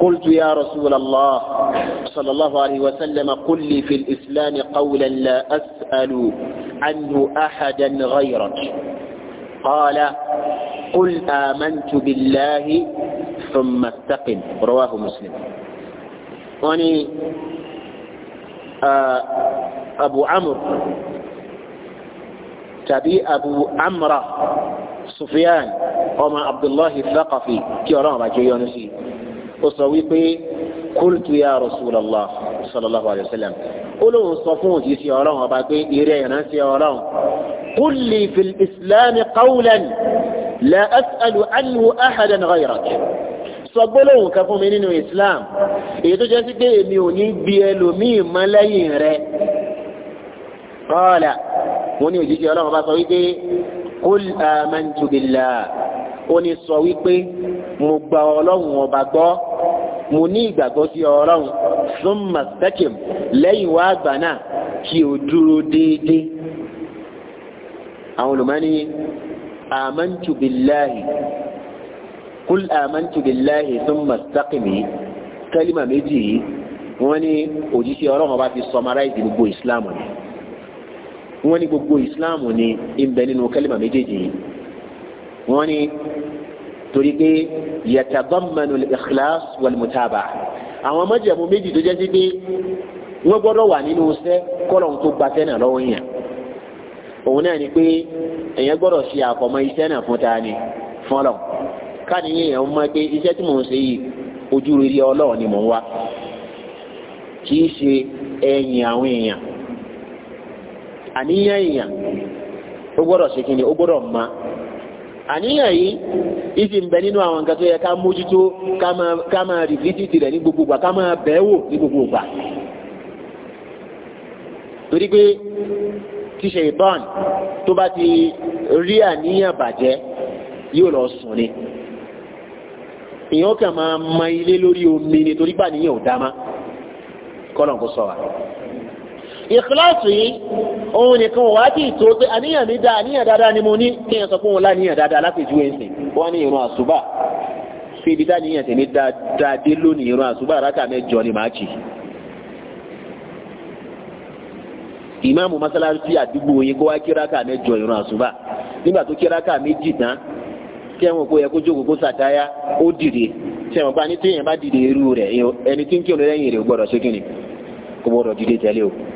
قلت يا رسول الله صلى الله عليه وسلم قل لي في الإسلام قولا لا أسأل عنه أحدا غيرك قال قل آمنت بالله ثم استقم رواه مسلم وني آه أبو عمرو تبي أبو عمرو سفيان وما عبد الله الثقفي كرامة جيونسي ó sọ wípé kultu ya rasulallah sallallahu alayhi wa sallam ó lóun sọ fún òjíṣẹ́ ọlọ́run ọba pé eré ìránṣẹ́ ọlọ́run kulli fil islam qawlan la as'alu anhu ahadan ghayrak sọ gbólóhùn kan fún mi nínú islam èyí tó jẹ́ sí pé èmi ò ní gbé ẹlòmíì mọ́ lẹ́yìn rẹ qala wọn ní òjíṣẹ́ ọlọ́run ọba sọ wípé qul amantu ó ní sọ wípé mo gba ọlọ́run ọba gbọ́ mo ní ìgbàgbọ́ sí ọlọ́run summa stakim lẹ́yìn wá àgbà náà kí o dúró déédéé àwọn olùmọ́ni amantu billahi kul amantu billahi summa stakim yìí kálímà méjì yìí wọ́n ní òjíṣẹ́ ọlọ́run ọba fi summarize gbogbo islam ni wọ́n ní gbogbo islam ni ń nínú kálímà méjèèjì yìí wọ́n ní torí pé yatadammanu al-ikhlas wal-mutaba'ah àwọn májẹ̀mú méjì tó jẹ́ sí pé wọ́n gbọ́dọ̀ wà nínú iṣẹ́ kọ́lọ̀ tó gbaṣẹ́ náà lọ́wọ́ yẹn òun náà ni pé èèyàn gbọ́dọ̀ ṣe àkọ́mọ iṣẹ́ náà fún ta ni fọlọ̀ káàdìyàn èèyàn mọ̀ pé iṣẹ́ tí mò ń ṣe yìí ojú rere Ọlọ́run ni mò ń wá kì í ṣe ẹ̀yìn àwọn èèyàn àníyàn èèyàn ó gbọ́dọ̀ ṣe kí ni ó gbọ́dọ̀ máa àníyàn yìí ìsì ń bẹ nínú àwọn nǹkan tó yẹ ká mójútó ká máa rìfítìtì rẹ̀ ní gbogbo ìgbà ká máa bẹ̀ẹ́ ní gbogbo torí pé tó bá ti rí àníyàn bàjẹ́ yóò lọ sùn ma ilé lórí omi ni torí pàníyàn ò dá má ìkíláàsì yìí òun nìkan wà tí ìtò pé àníyàn mi dá àníyàn dáadáa ni mo ní kí n sọ pé òun láníyàn dáadáa lápèjúwe ń sìn wọ́n ní ìrun àṣùbà fi ibi dáníyàn tèmi dáadáa dé lónìí ìrun àṣùbà rákà mẹ́jọ ni màá kì í. ìmáàmù mọ́sálásí àdúgbò yín kó wá kí rákà mẹ́jọ ìrun àṣùbà nígbà tó kí rákà méjì tán tí kó yẹ kó jókòó kó sàtáyà ó dìde tí ẹ̀wọ̀n ní tí èèyàn bá dìde irú rẹ̀ ẹni tí ń kírun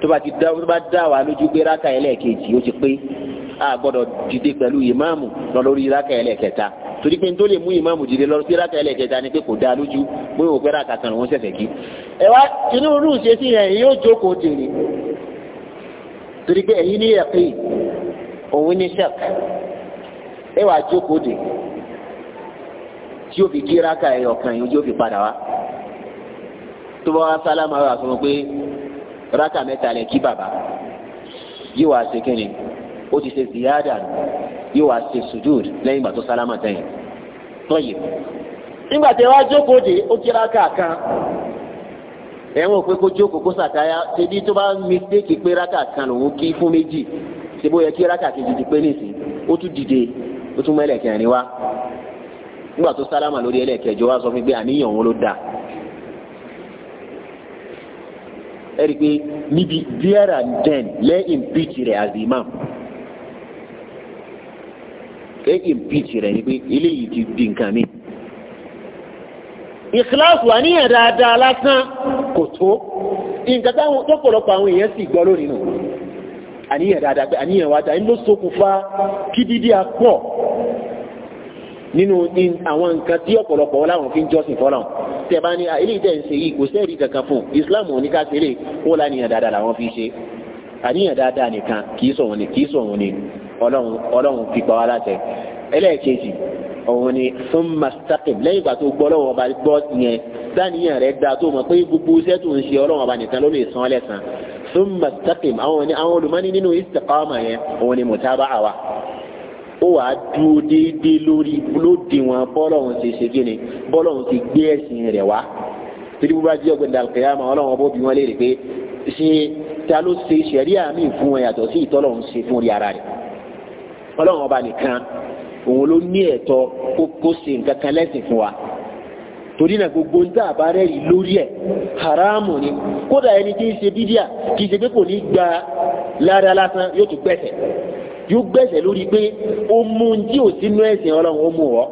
tó bá ti dá tó bá dá wa lójú pé rákà ẹlẹ́ẹ̀kejì ó ti pé a gbọ́dọ̀ dìde pẹ̀lú ìmáàmù lọ lórí rákà ẹlẹ́ẹ̀kẹta torí pé n tó lè mú ìmáàmù dìde lọ sí rákà ẹlẹ́ẹ̀kẹta ni pé kò dá lójú pé òun pẹ́ rákà kan òun ṣẹ̀ṣẹ̀ kí. ẹ wá inú rúù ṣe sí yẹn yóò jókòó tèrè torí pé ẹ̀yin ní ẹ̀pẹ́ òun ní ṣẹ́k ẹ wá jókòó dè tí yóò fi kí rákà ẹ̀yọ̀kan yóò fi padà wá tó bá wá sálámà rákà mẹ́ta lẹ kí bàbá yìí wàá ṣe kí ni ó ti ṣe ziyada yìí wàá ṣe sujud lẹ́yìn ìgbà tó sálámà tẹ̀yìn nígbà tí wàá jókòó dé ó kí rákà kan ẹ̀wọ̀n pé kó jókòó kó sàtáyà ṣebí tó bá mistake pé rákà kan lòun kí fún méjì ṣe bó yẹ kí rákà kejì ti pé nìsín ó tún dìde ó tún mọ ẹlẹ́kẹ̀rin wá nígbà tó sálámà lórí ẹlẹ́kẹ̀jọ wá sọ fún mi pé àníyàn òun ló dáa ẹ̀rí pé níbi there and then lẹ́ impeach rẹ̀ as imam kẹ́ impeach rẹ̀ ni pé eléyìí ti di nǹkan mi. ìkíláàsì wà níyàn dáadáa lásán kò tó nǹkan táwọn tó pọ̀lọpọ̀ àwọn èèyàn sì gbọ́ lónìí nù àníyàn dáadáa pé àníyàn wa dáa ló ṣokùnfà kí dídí apọ̀ nínú àwọn nǹkan tí ọ̀pọ̀lọpọ̀ láwọn fi ń jọ́sìn fọ́láwọn tẹ bá ní ilé ìtẹ̀ ń ṣe yìí kò sẹ́ẹ̀rí kankan fún islam ò ní ká ṣeré dáadáa làwọn fi ṣe àníyàn dáadáa nìkan kìí sọ̀rọ̀ ni kìí sọ̀rọ̀ ni ọlọ́run fi pa wá ẹlẹ́ẹ̀kejì òun ni fún mastaqim lẹ́yìn ìgbà tó gbọ́ lọ́wọ́ ọba gbọ́ yẹn dáníyàn rẹ̀ dáa tó mọ̀ pé gbogbo iṣẹ́ tó ń ṣe ọlọ́run ọba nìkan ló lè san lẹ́san fún mastaqim àwọn olùmọ́ni nínú istiqama yẹn òun ni mutaba'a wa ó wà á dúró déédéé lórí lóde wọn bọ́lọ́hún ṣe ṣe kí ni bọ́lọ́hún ti gbé ẹ̀sìn rẹ̀ wá torí bó bá jẹ́ ọ̀gbìn dàlùkìyàmọ̀ ọlọ́run ọbọ̀ bí wọ́n léèrè pé ṣé ta ló ṣe ṣẹ̀ríà mi fún wọn yàtọ̀ sí ìtọ́lọ́hún ṣe fún rí ara rẹ̀ ọlọ́run ọba nìkan òun ló ní ẹ̀tọ́ kó kó ṣe nǹkan kan lẹ́sìn fún wa torí náà gbogbo níta àbárẹ́ yìí lórí ẹ̀ haramu ni kódà ẹni tí ń ṣe bídíà kì í ṣe pé kò ní gba lára lásán yóò tún gbẹ̀sẹ̀ yóò gbẹ̀sẹ̀ lórí pé ó mú tí ò sínú ẹ̀sìn ọlọ́run ó mú wọ́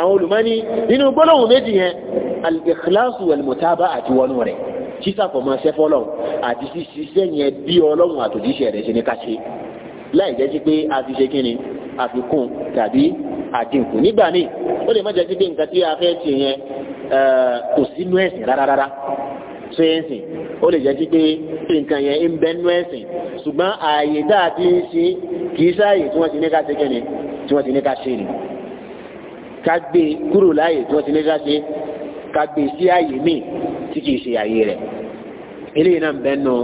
àwọn olùmọ́ni nínú gbólóhùn méjì yẹn al-ikhlasu wal-mutaba àti wọnú rẹ̀ sísàfọ̀ máa ṣẹ́ fọ́lọ́run àti ṣiṣẹ́ yẹn bí ọlọ́run àtòjíṣẹ́ rẹ̀ ṣe ní káṣe láì jẹ́ sí pé a fi ṣe kíni àfikún tàbí àdínkù nígbà míì ó lè má jẹ́ sí pé nǹkan tí a fẹ́ ṣe yẹn kò sínú ẹ̀sìn rárá ṣe é sìn ó lè jẹ́ sí pé nǹkan yẹn ń bẹ nú ẹ̀sìn ṣùgbọ́n ààyè tá a ti ń ṣe kì í sáàyè tí wọ́n ti ní ká ṣe kẹ́ni tí wọ́n ti ní ká ṣe ni ká gbé kúrò láàyè tí wọ́n ti ní ká ṣe ká gbé sí ààyè míì tí kì í ṣe ààyè rẹ̀ eléyìí náà ń bẹ nú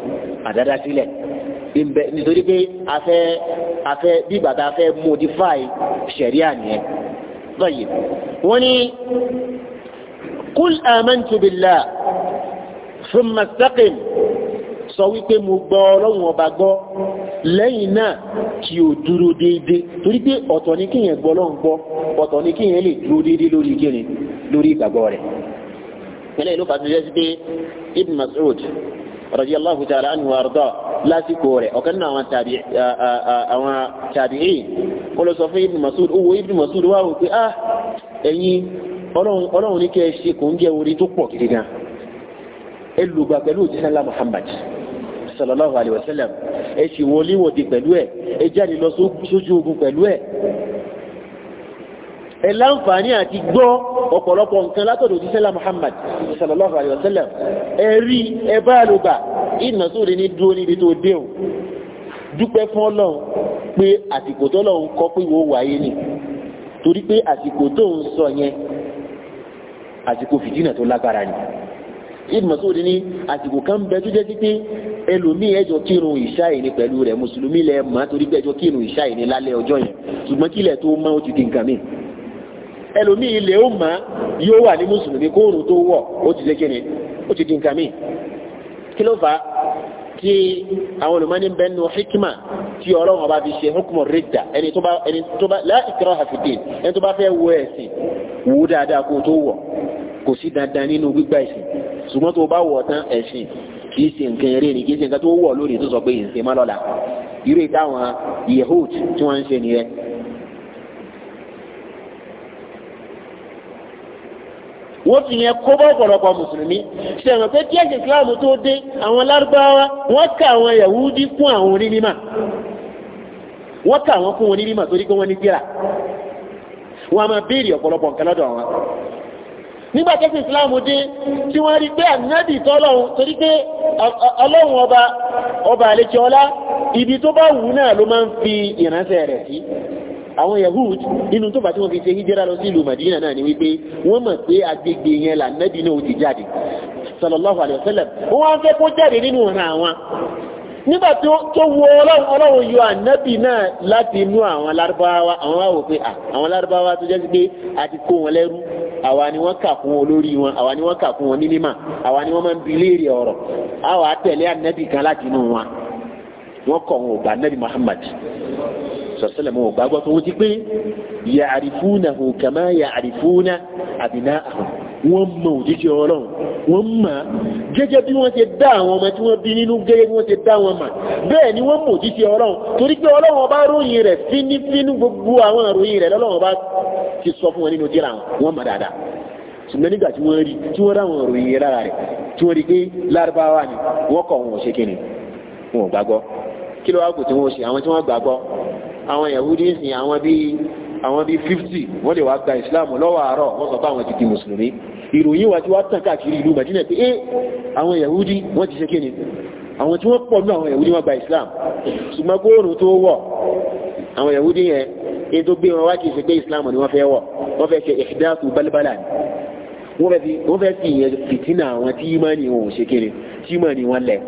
àdáda sílẹ̀ nítorí pé afẹ́ afẹ́ bí bàtà afẹ́ modify ṣẹ̀ríà nìyẹn báyìí wọ́n ní kúl àmẹ́ntùbìlá thumma istaqim sọ wípé mo gbọ́ ọlọ́run ọba gbọ́ lẹ́yìn náà kí o dúró déédéé torí pé ọ̀tọ̀ ni kíyàn gbọ́ ọlọ́run gbọ́ ọ̀tọ̀ ni kíyàn lè dúró déédéé lórí kíni lórí ìgbàgbọ́ rẹ̀ pẹ̀lẹ́ ìlú fàtí jẹ́ sí pé ibn Mas'ud radiyallahu ta'ala anhu arda lásìkò rẹ̀ ọ̀kan náà àwọn tabi'in ó lọ sọ fún ibn Mas'ud owó ibn Mas'ud wà wò pé ah ẹ̀yin ọlọ́run ní kẹ́ ṣe kò ń jẹ́ orí tó pọ̀ gidi ẹ lùgbà pẹ̀lú òjíṣẹ́ Muhammad sallallahu alayhi wa sallam ẹ sì wọléwọ̀de pẹ̀lú ẹ ẹ jáde lọ sójú ogun pẹ̀lú ẹ ẹ àti gbọ́ ọ̀pọ̀lọpọ̀ nǹkan látọ̀dọ̀ òjíṣẹ́ ńlá Muhammad sallallahu alayhi wa sallam ẹ rí ẹ bá lùgbà ìnà sóde ní dúró níbi tó dé o dúpẹ́ fún Ọlọ́run pé àsìkò tọ́lọ́run kọ́ pé ìwọ wáyé ni torí pé àsìkò tó ń sọ yẹn àsìkò fìdínà tó lágbára ni ibn Mas'ud ní àsìkò kan bẹ tó jẹ́ sí pé ẹlòmíì ẹjọ́ kírun ìṣáì ní pẹ̀lú rẹ̀ mùsùlùmí lẹ mọ́ torí pé ẹjọ́ kírun ìṣáì ní lálẹ́ ọjọ́ yẹn ṣùgbọ́n kílẹ̀ tó mọ́ ó ti di nǹkan mi ẹlòmíì ilẹ̀ ó mọ́ yóò wà ní mùsùlùmí kóòrùn tó wọ̀ ó ti ni ó ti di nǹkan mi kí ló fà á tí àwọn olùmọ́ni bẹ́ẹ̀ nu hikima tí ọlọ́run ọba fi ṣe hukumu rida ẹni tó bá ẹni tó bá la ikraha fi din ẹni tó bá fẹ́ wọ ẹ̀sìn wò ó dáadáa kó tó wọ̀ kò sí dandan nínú gbígbà ẹ̀sìn ṣùgbọ́n tó bá wọ̀ tán kì í ṣe nǹkan eré ni kì í ṣe nǹkan tó wọ̀ lónìí tó sọ pé ìṣe má lọ́la irú ìtàwọn yehud tí wọ́n ń ṣe nìyẹn. wọ́n fi yẹn kó bá mùsùlùmí ṣẹ̀wọ̀n pé kí ẹ̀sìn Islam tó dé àwọn lárúbáwá wọ́n kà àwọn yahudi kún àwọn onímọ̀ wọ́n kà àwọn kún onímọ̀ torí pé wọ́n ní tíra wọ́n á máa béèrè ọ̀pọ̀lọpọ̀ nǹkan lọ́dọ̀ wọn nígbà tó fi islam dé tí wọ́n rí pé ànábì tọ́lọ́hun torí pé ọlọ́hun ọba ọba àlejò ọlá ibi tó bá wù náà ló máa ń fi ìránṣẹ́ rẹ̀ sí àwọn yahud nínú tó bá tí wọ́n fi ṣe hijira lọ sí ìlú madina náà ni wípé wọ́n mọ̀ pé agbègbè yẹn là nábì náà ó ti jáde sallallahu alayhi wa sallam wọ́n wá ń fẹ́ kó jáde nínú ọ̀ràn àwọn nígbà tó wo ọlọ́run yọ ànábì náà láti inú àwọn lárúbáwá àwọn wá wò pé àwọn lárúbáwá tó jẹ́ sí pé a ti kó wọn lẹ́rú àwa ni wọ́n kà fún wọn olórí wọn àwa ni wọ́n kà fún wọn ní mímà àwa ni wọ́n máa ń bi léèrè ọ̀rọ̀ àwa àtẹ̀lé ànábì kan láti inú wọn wọ́n kọ̀ wọn ò gbà ànábì Muhammad sọ̀sẹ́lẹ̀ mọ́ ọ̀gbà gbọ́ tòun ti pé yàrífúnà hù kàmá yàrífúnà àbíná àhùn wọ́n mọ òjíṣẹ́ ọlọ́run wọ́n mọ̀ gẹ́gẹ́ bí wọ́n ṣe dá àwọn ọmọ tí wọ́n bí nínú gẹ́gẹ́ bí wọ́n ṣe dá wọn mọ̀ bẹ́ẹ̀ ni wọ́n mọ òjíṣẹ́ ọlọ́run torí pé ọlọ́run ọba ròyìn rẹ̀ fínífínú gbogbo àwọn àròyìn rẹ̀ lọ́lọ́run ọba ti sọ fún wọn nínú tíra wọn mọ̀ dáadáa ṣùgbọ́n nígbà tí wọ́n rí tí wọ́n ráwọn òròyìn yẹn lára rẹ̀ tí wọ́n rí pé lárúbáwá ni wọ́n kọ̀ wọn ò ṣe kíni wọn ò gbàgbọ́ kí ló kò tí wọ́n ṣe àwọn tí wọ́n gbàgbọ́ àwọn yahudi ń sìn àwọn bíi àwọn bíi fifty wọ́n lè wá gba islam lọ́wọ́ àárọ̀ wọ́n sọ pé àwọn ti di mùsùlùmí ìròyìn wa ti wá tàn káàkiri ìlú madina pé eh àwọn yahudi wọ́n ti ṣe kíni àwọn tí wọ́n pọ̀ ní àwọn yahudi wọ́n gba islam ṣùgbọ́n góòrùn tó wọ̀ àwọn yahudi yẹn èyí tó gbé wọn wá kìí ṣe ni wọ́n fẹ́ wọ̀ wọ́n fẹ́ ṣe ìṣídàkù balibala ni wọ́n fẹ́ fi ìyẹn fìtínà àwọn tí ìmọ̀ ni wọn ò ṣe kiri tí ìmọ̀ ni wọ́n lẹ̀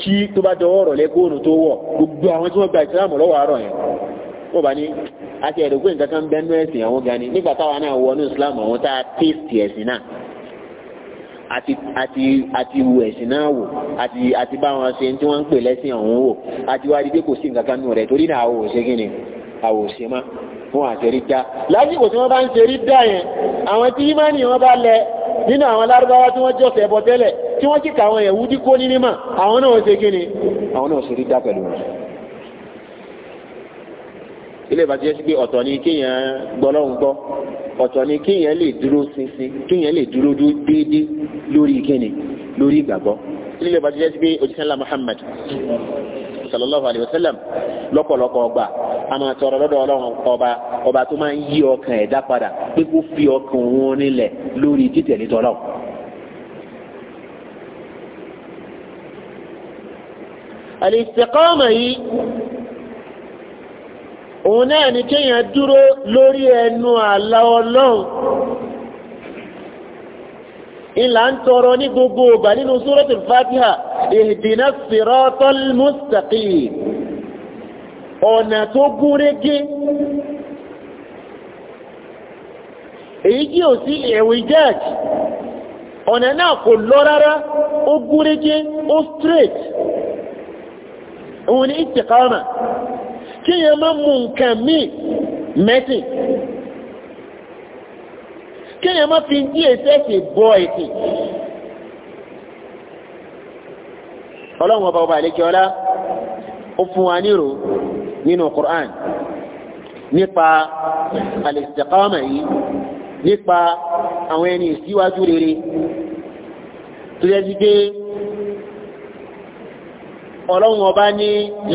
kí tó bá dọwọ́ rọ̀ lẹ́gbóònù tó wọ̀ gbogbo àwọn tí wọ́n gba islam lọ́wọ́ àárọ̀ yẹn ati bá ní àti ẹ̀rọ pé nǹkan kan bẹ́ẹ̀ nú ẹ̀sìn àwọn gani nígbà táwọn náà wọnú islam àwọn tá a tẹ́sì ẹ̀sìn àti àti àti bá wọn ṣe tí wọ́n ń pè lẹ́sìn ọ̀hún wò àti wá di kò sí nǹkan kan nù rẹ̀ torí náà wò ṣé kí àwòṣe mọ́ fún àṣẹrí dá lásìkò tí wọ́n bá ń ṣerí dá yẹn àwọn tí ìmánì wọn bá lẹ nínú àwọn lárúbáwá tí wọ́n jọ̀sẹ̀ bọ tẹ́lẹ̀ tí wọ́n kíkà àwọn ẹ̀wú dí kó ní mímọ̀ àwọn náà ṣe kí ni àwọn náà ṣerí dá pẹ̀lú wọn. ilé ìbàjẹ́ sí pé ọ̀tọ̀ ni kéèyàn gbọ́lọ́hún gbọ́ ọ̀tọ̀ ni kéèyàn lè dúró ṣinṣin kéèyàn lè dúró déédéé lórí kíni lórí ìgbàgbọ́ ilé ìbàjẹ́ sí pé òjíṣẹ́ Muhammad sallallahu alayhi wa sallam lọ́pọ̀lọpọ̀ ọgbà a máa tọrọ lọ́dọ̀ ọlọ́run ọba ọba tó máa ń yí ọkàn ẹ̀dá padà pé kó fi ọkàn wọn nílẹ̀ lórí títẹ̀lé tọ́lọ́ al-istiqama yìí òun náà ni kéèyàn dúró lórí ẹnu àlà ọlọ́run ìlà ń tọrọ ní gbogbo ọgbà nínú suratul Fatiha ihdina ọ̀nà tó gún régé èyí tí ò sí ẹ̀wì jẹ́ẹ̀kì ọ̀nà náà kò lọ rárá ó gún ó straight òun ni ìtìkọ́mà kí yẹn má mú nǹkan míì mẹ́tì kí yẹn má fi díẹ̀ sẹ́ẹ̀kì bọ́ ẹ̀kì ọlọ́run ọba ọba àlejò ọlá ó fún wa nínú Qur'an nípa al-istiqama yìí nípa àwọn ẹni ìsíwájú rere tó yẹ sí pé ọlọ́run ọba ní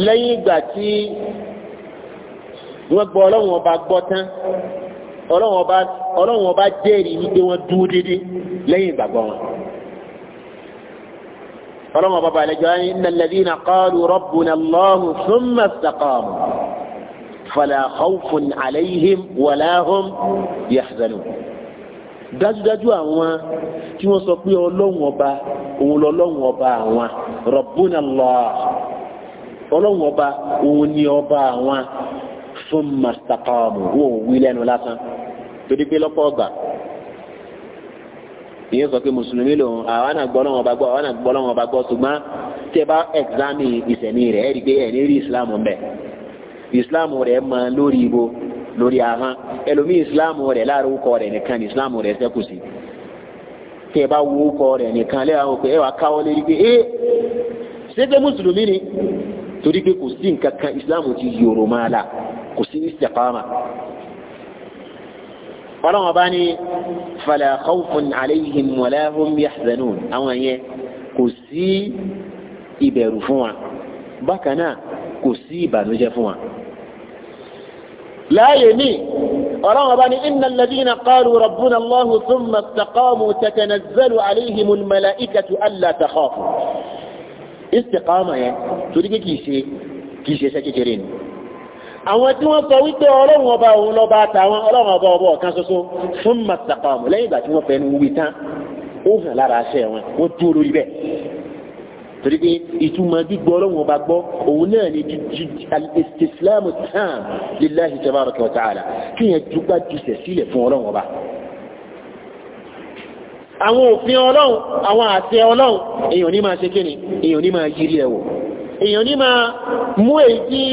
lẹ́yìn ìgbà tí wọ́n gbọ́ ọlọ́run ọba gbọ́ tán ọlọ́run ọba jẹ́rìí wípé wọ́n dúró déédéé lẹ́yìn ìgbàgbọ́ wọn ọlọ́mọ bàbá àlejò ayé iná lẹ́dínà kọ́ọ̀lù rọ́bùnà lọ́hùn súnmọ́ sàkọ́ọ̀mù fàlà ọ̀fun àlẹ́yìn wàláhùn yàtọ̀nù. dájúdájú àwọn tí wọ́n sọ pé ọlọ́run ọba òun lọ́lọ́run ọba àwọn rọ́bùnà lọ́ọ̀ ọlọ́run ọba òun ni ọba àwọn súnmọ́ sàkọ́ọ̀mù wọ́n wí lẹ́nu lásán torí lọ́pọ̀ ọgbà ìyẹn sọ pé mùsùlùmí lòun àwa náà gbọ́ lọ́wọ́ bá gbọ́ àwa náà gbọ́ lọ́wọ́ bá gbọ́ ṣùgbọ́n tí ẹ bá ẹ̀gzámì ìsẹ̀mí rẹ̀ ẹ̀ rí i pé ẹ̀ ní rí ìsìláàmù mbẹ̀ ìsìláàmù rẹ̀ mọ lórí ibo lórí ahọ́n ẹlòmíì ìsìláàmù rẹ̀ láàrin orúkọ rẹ̀ nìkan ní ìsìláàmù rẹ̀ ṣẹ́kù sí tí ẹ bá wo orúkọ rẹ̀ nìkan lẹ́wà wò pé ẹ ọlọ́run ọba ní fala khawfun alayhim wala hum yahzanun àwọn yẹn kò sí ìbẹ̀rù fún wa bákan náà kò sí ìbànújẹ́ fún wa. láàyè ní ọlọ́run ọba ní innal ladhina qalu rabbuna Allahu thumma istaqamu tatanazzalu alayhimul malaikatu alla takhafu. istiqama yẹn torí kì í ṣe kì ṣe iṣẹ́ ni àwọn tí wọ́n sọ wípé ọlọ́run ọba òun lọ́ba àtàwọn ọlọ́run ọba ọba ọ̀kan ṣoṣo fún màtàkàmù lẹ́yìn ìgbà tí wọ́n fẹ́ nu wí tán ó hàn lára aṣẹ wọn wọ́n dúró lórí bẹ́ẹ̀ torí pé ìtumọ̀ gbígbọ́ ọlọ́run ọba gbọ́ òun náà ni al-istislamu tam lillahi tabaraka wa ta'ala kí yẹn dúpá jùsẹ̀ sílẹ̀ fún ọlọ́run ọba àwọn òfin ọlọ́run àwọn àṣẹ ọlọ́run èèyàn ní máa ṣe kíni èèyàn ní máa yiri ẹ̀wọ̀ èèyàn ní máa mú èyí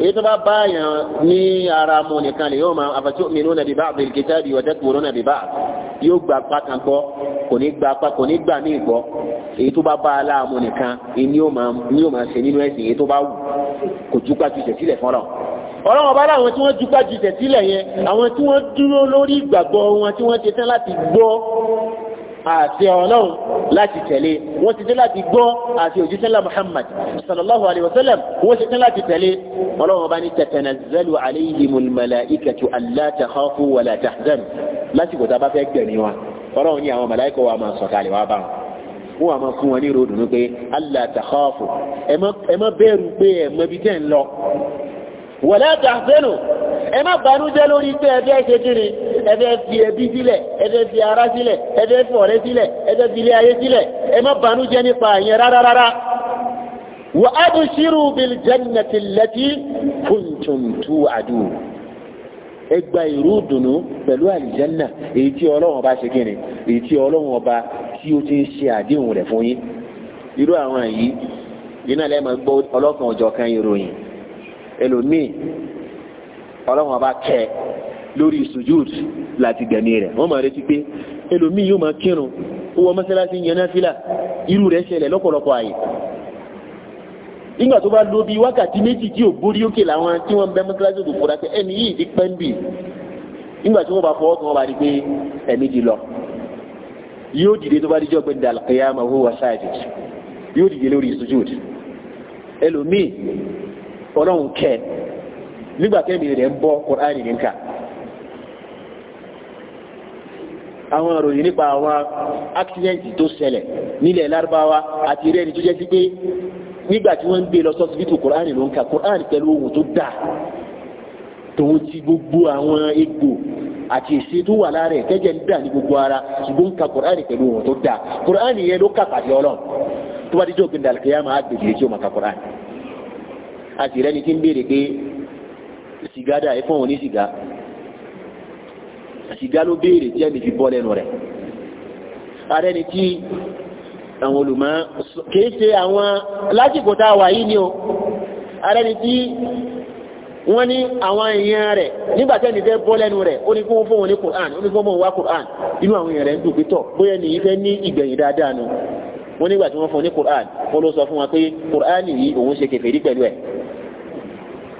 èyí tó bá bá èèyàn ní ara mu nìkan lè yóò máa afatu'minuna bi ba'dil kitabi wa takfuruna bi ba'd yóò gba apá kan gbọ́ kò ní gba apá kò ní gbà ní ìgbọ́ èyí tó bá bá a láàmú nìkan ni yóò máa ṣe nínú ẹ̀sìn èyí tó bá wù kò jùgbà ju ìṣẹ̀sílẹ̀ fọ́nrán ọlọ́wọ́n bá láwọn tí wọ́n jùgbà ju ìṣẹ̀sílẹ̀ yẹn àwọn tí wọ́n dúró lórí ìgbàgbọ́ wọn tí wọ́n ṣetán láti gbọ́ àti ọlọ́run láti tẹ̀lé wọ́n ti dé láti gbọ́ àti òjíṣẹ́ ńlá muhammad sallallahu alayhi wa sallam wọ́n ti dé láti tẹ̀lé ọlọ́run ọba ní tatanazzalu alayhimul malaikatu alla takhafu wala tahzanu lásìkò tá a bá fẹ́ gbẹ̀mí wa ọlọ́run ní àwọn màláìkà wa máa sọ̀kalẹ̀ wá bá wọn wọ́n a fún wọn ní ròdùnú pé alla takhafu ẹ má bẹ̀rù pé ẹ̀ mọ ibi tẹ́ ń lọ wala tahzanu ẹ má banújẹ́ lórí pé ẹbẹ́ ṣe kiri ẹbẹ́ fi ẹbí sílẹ̀ ẹbẹ́ fi ara sílẹ̀ ẹbẹ́ fi ọ̀rẹ́ sílẹ̀ ẹbẹ́ fi ilé ayé sílẹ̀ ẹ má banújẹ́ nípa àyẹn rárá rárá wa abshiru bil jannati allati kuntum tu'adun ẹ gba ìró dùnú pẹ̀lú àlìjánà èyí tí ọlọ́run ọba ṣe kíni èyí tí ẹlòmíì ọlọ́run ọba kẹ lórí sujud láti gbẹ̀mí rẹ̀ wọ́n máa retí pé ẹlòmíì yóò máa kírun ó wọ mọ́sálásí yẹn náà fílà irú rẹ̀ ṣẹlẹ̀ lọ́pọ̀lọpọ̀ àyè nígbà tó bá lò bí wákàtí méjì tí ò borí òkè làwọn tí wọ́n bẹ mọ́sálásí òkú fúra pé ẹni yìí ti pẹ́ ń bì nígbà tí wọ́n bá fọwọ́ tí wọ́n bá rí pé ẹ̀mí ti lọ yóò dìde tó bá díjọ́ pé dàlùkẹ́yà máa hó wa ṣáàjì yóò dìde lórí sujud ẹlòmíì ọlọ́run kẹ́ nígbà tẹ́mi rẹ̀ ń bọ́ kùránì nìkan àwọn ìròyìn nípa àwọn aksidẹ̀ntì tó ṣẹlẹ̀ nílẹ̀ lárúbáwá àti rẹ̀ ni tó jẹ́ sí pé nígbà tí wọ́n ń gbé lọ sọ́sibítù kùránì ló ń ka kùránì pẹ̀lú ohun tó dáa tòun ti gbogbo àwọn egbò àti èsì tó wà lára ẹ̀ kẹ́jẹ́ ń dà ní gbogbo ara ṣùgbọ́n ń ka kùránì pẹ̀lú ohun tó dáa kùránì yẹn ló kà pàdé ọlọ́run tó bá dijọ́ gbẹ̀ndàlùkẹ́yà máa gbèdéke ó máa ka kùránì a sì rẹ́ni tí ń béèrè pé sìgá dà ẹ fún òun ní sìgá sìgá ló béèrè tí ẹ̀mí fi bọ́ lẹ́nu rẹ̀ arẹ́ni tí àwọn olùmọ̀ kìí ṣe àwọn lásìkò tá a wà yìí ni o arẹ́ni tí wọ́n ní àwọn èèyàn rẹ̀ nígbà tẹ́ni fẹ́ bọ́ lẹ́nu rẹ̀ ó ní fún fún òun ní Qur'an ó ní fún òun wá Qur'an inú àwọn èèyàn rẹ̀ ń dùn pé tọ̀ bóyá nìyí fẹ́ ní ìgbẹ̀yìn dáadáa nu wọ́n nígbà tí wọ́n fún ní Qur'an wọ́n ló sọ fún wọn pé Qur'an yìí òun ṣe kèfèrí pẹ̀lú ẹ̀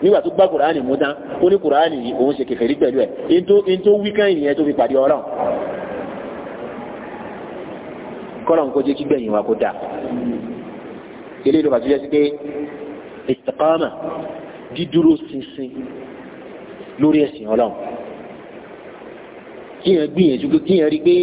nígbà tó gbá Qur'an mú tán ó ní Qur'an yìí òun ṣe kèfèrí pẹ̀lú ẹ̀ in tó wíkàn ìyẹn tó fi pàdé ọlọ́run kọ́lọ̀n kó jẹ́ kí gbẹ̀yìn wa kó dáa ilé ìlú bàtújẹ́ sí pé istiqama dídúró ṣinṣin lórí ẹ̀sìn ọlọ́run kíyàn gbìyànjú kíyàn rí pé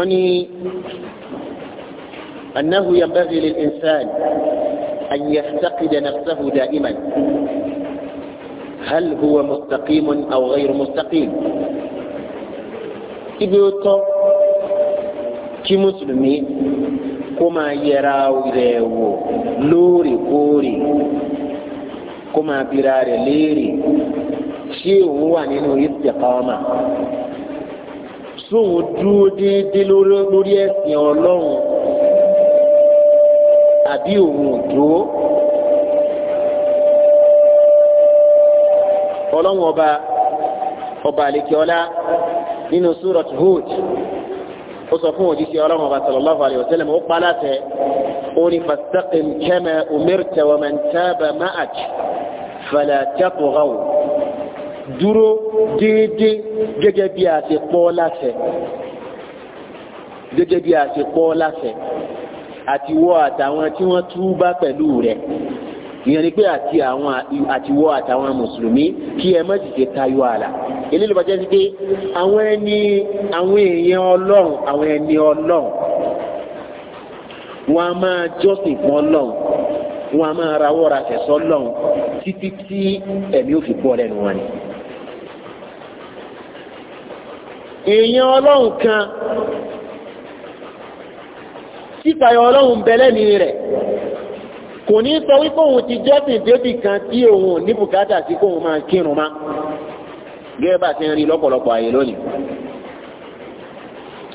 وني أنه ينبغي للإنسان أن يفتقد نفسه دائما هل هو مستقيم أو غير مستقيم إذن كمسلمي كما يراوي ذيو لوري قوري كما برار ليري شيء هو أنه يستقامه sóhun dúró déédéé lórí ẹ̀sìn ọlọ́run àbí òun ò dúró. ọlọ́run ọba ọba àlekíọ́lá nínú súrọ̀tù Hud ó sọ fún òjíṣẹ́ ọlọ́run ọba sallallahu alayhi wa sallam ó pa láṣẹ orí fastaqim kama umirta wa man taba ma'ak dúró déédéé gẹ́gẹ́ bí a ti pọ́ láṣẹ gẹ́gẹ́ bí a ti pọ́ láṣẹ àti wọ́ àtàwọn tí wọ́n túbá pẹ̀lú rẹ̀ ìyẹn ni pé àti àwọn àtiwọ́ àtàwọn mùsùlùmí kí ẹ má tètè tayọ àlà ilé ló bá jẹ́ sí pé àwọn ẹni àwọn èèyàn ọlọ́run àwọn ẹni ọlọ́run wọn a máa jọ́sìn fún ọlọ́run wọn a máa rawọ́ ra sẹ̀sọ́ ọlọ́run títí tí ẹ̀mí ò fi bọ́ lẹ́nu wọn ni. èèyàn ọlọ́run kan títayọ ọlọ́run bẹ̀lẹ̀ ní rẹ̀ kò ní sọ wípé òun ti jọ́sìn débì kan tí òun ní bùkátà sí kóun máa kírun má gẹ́gẹ́ bá ti ń rí lọ́pọ̀lọpọ̀ ààyè lónìí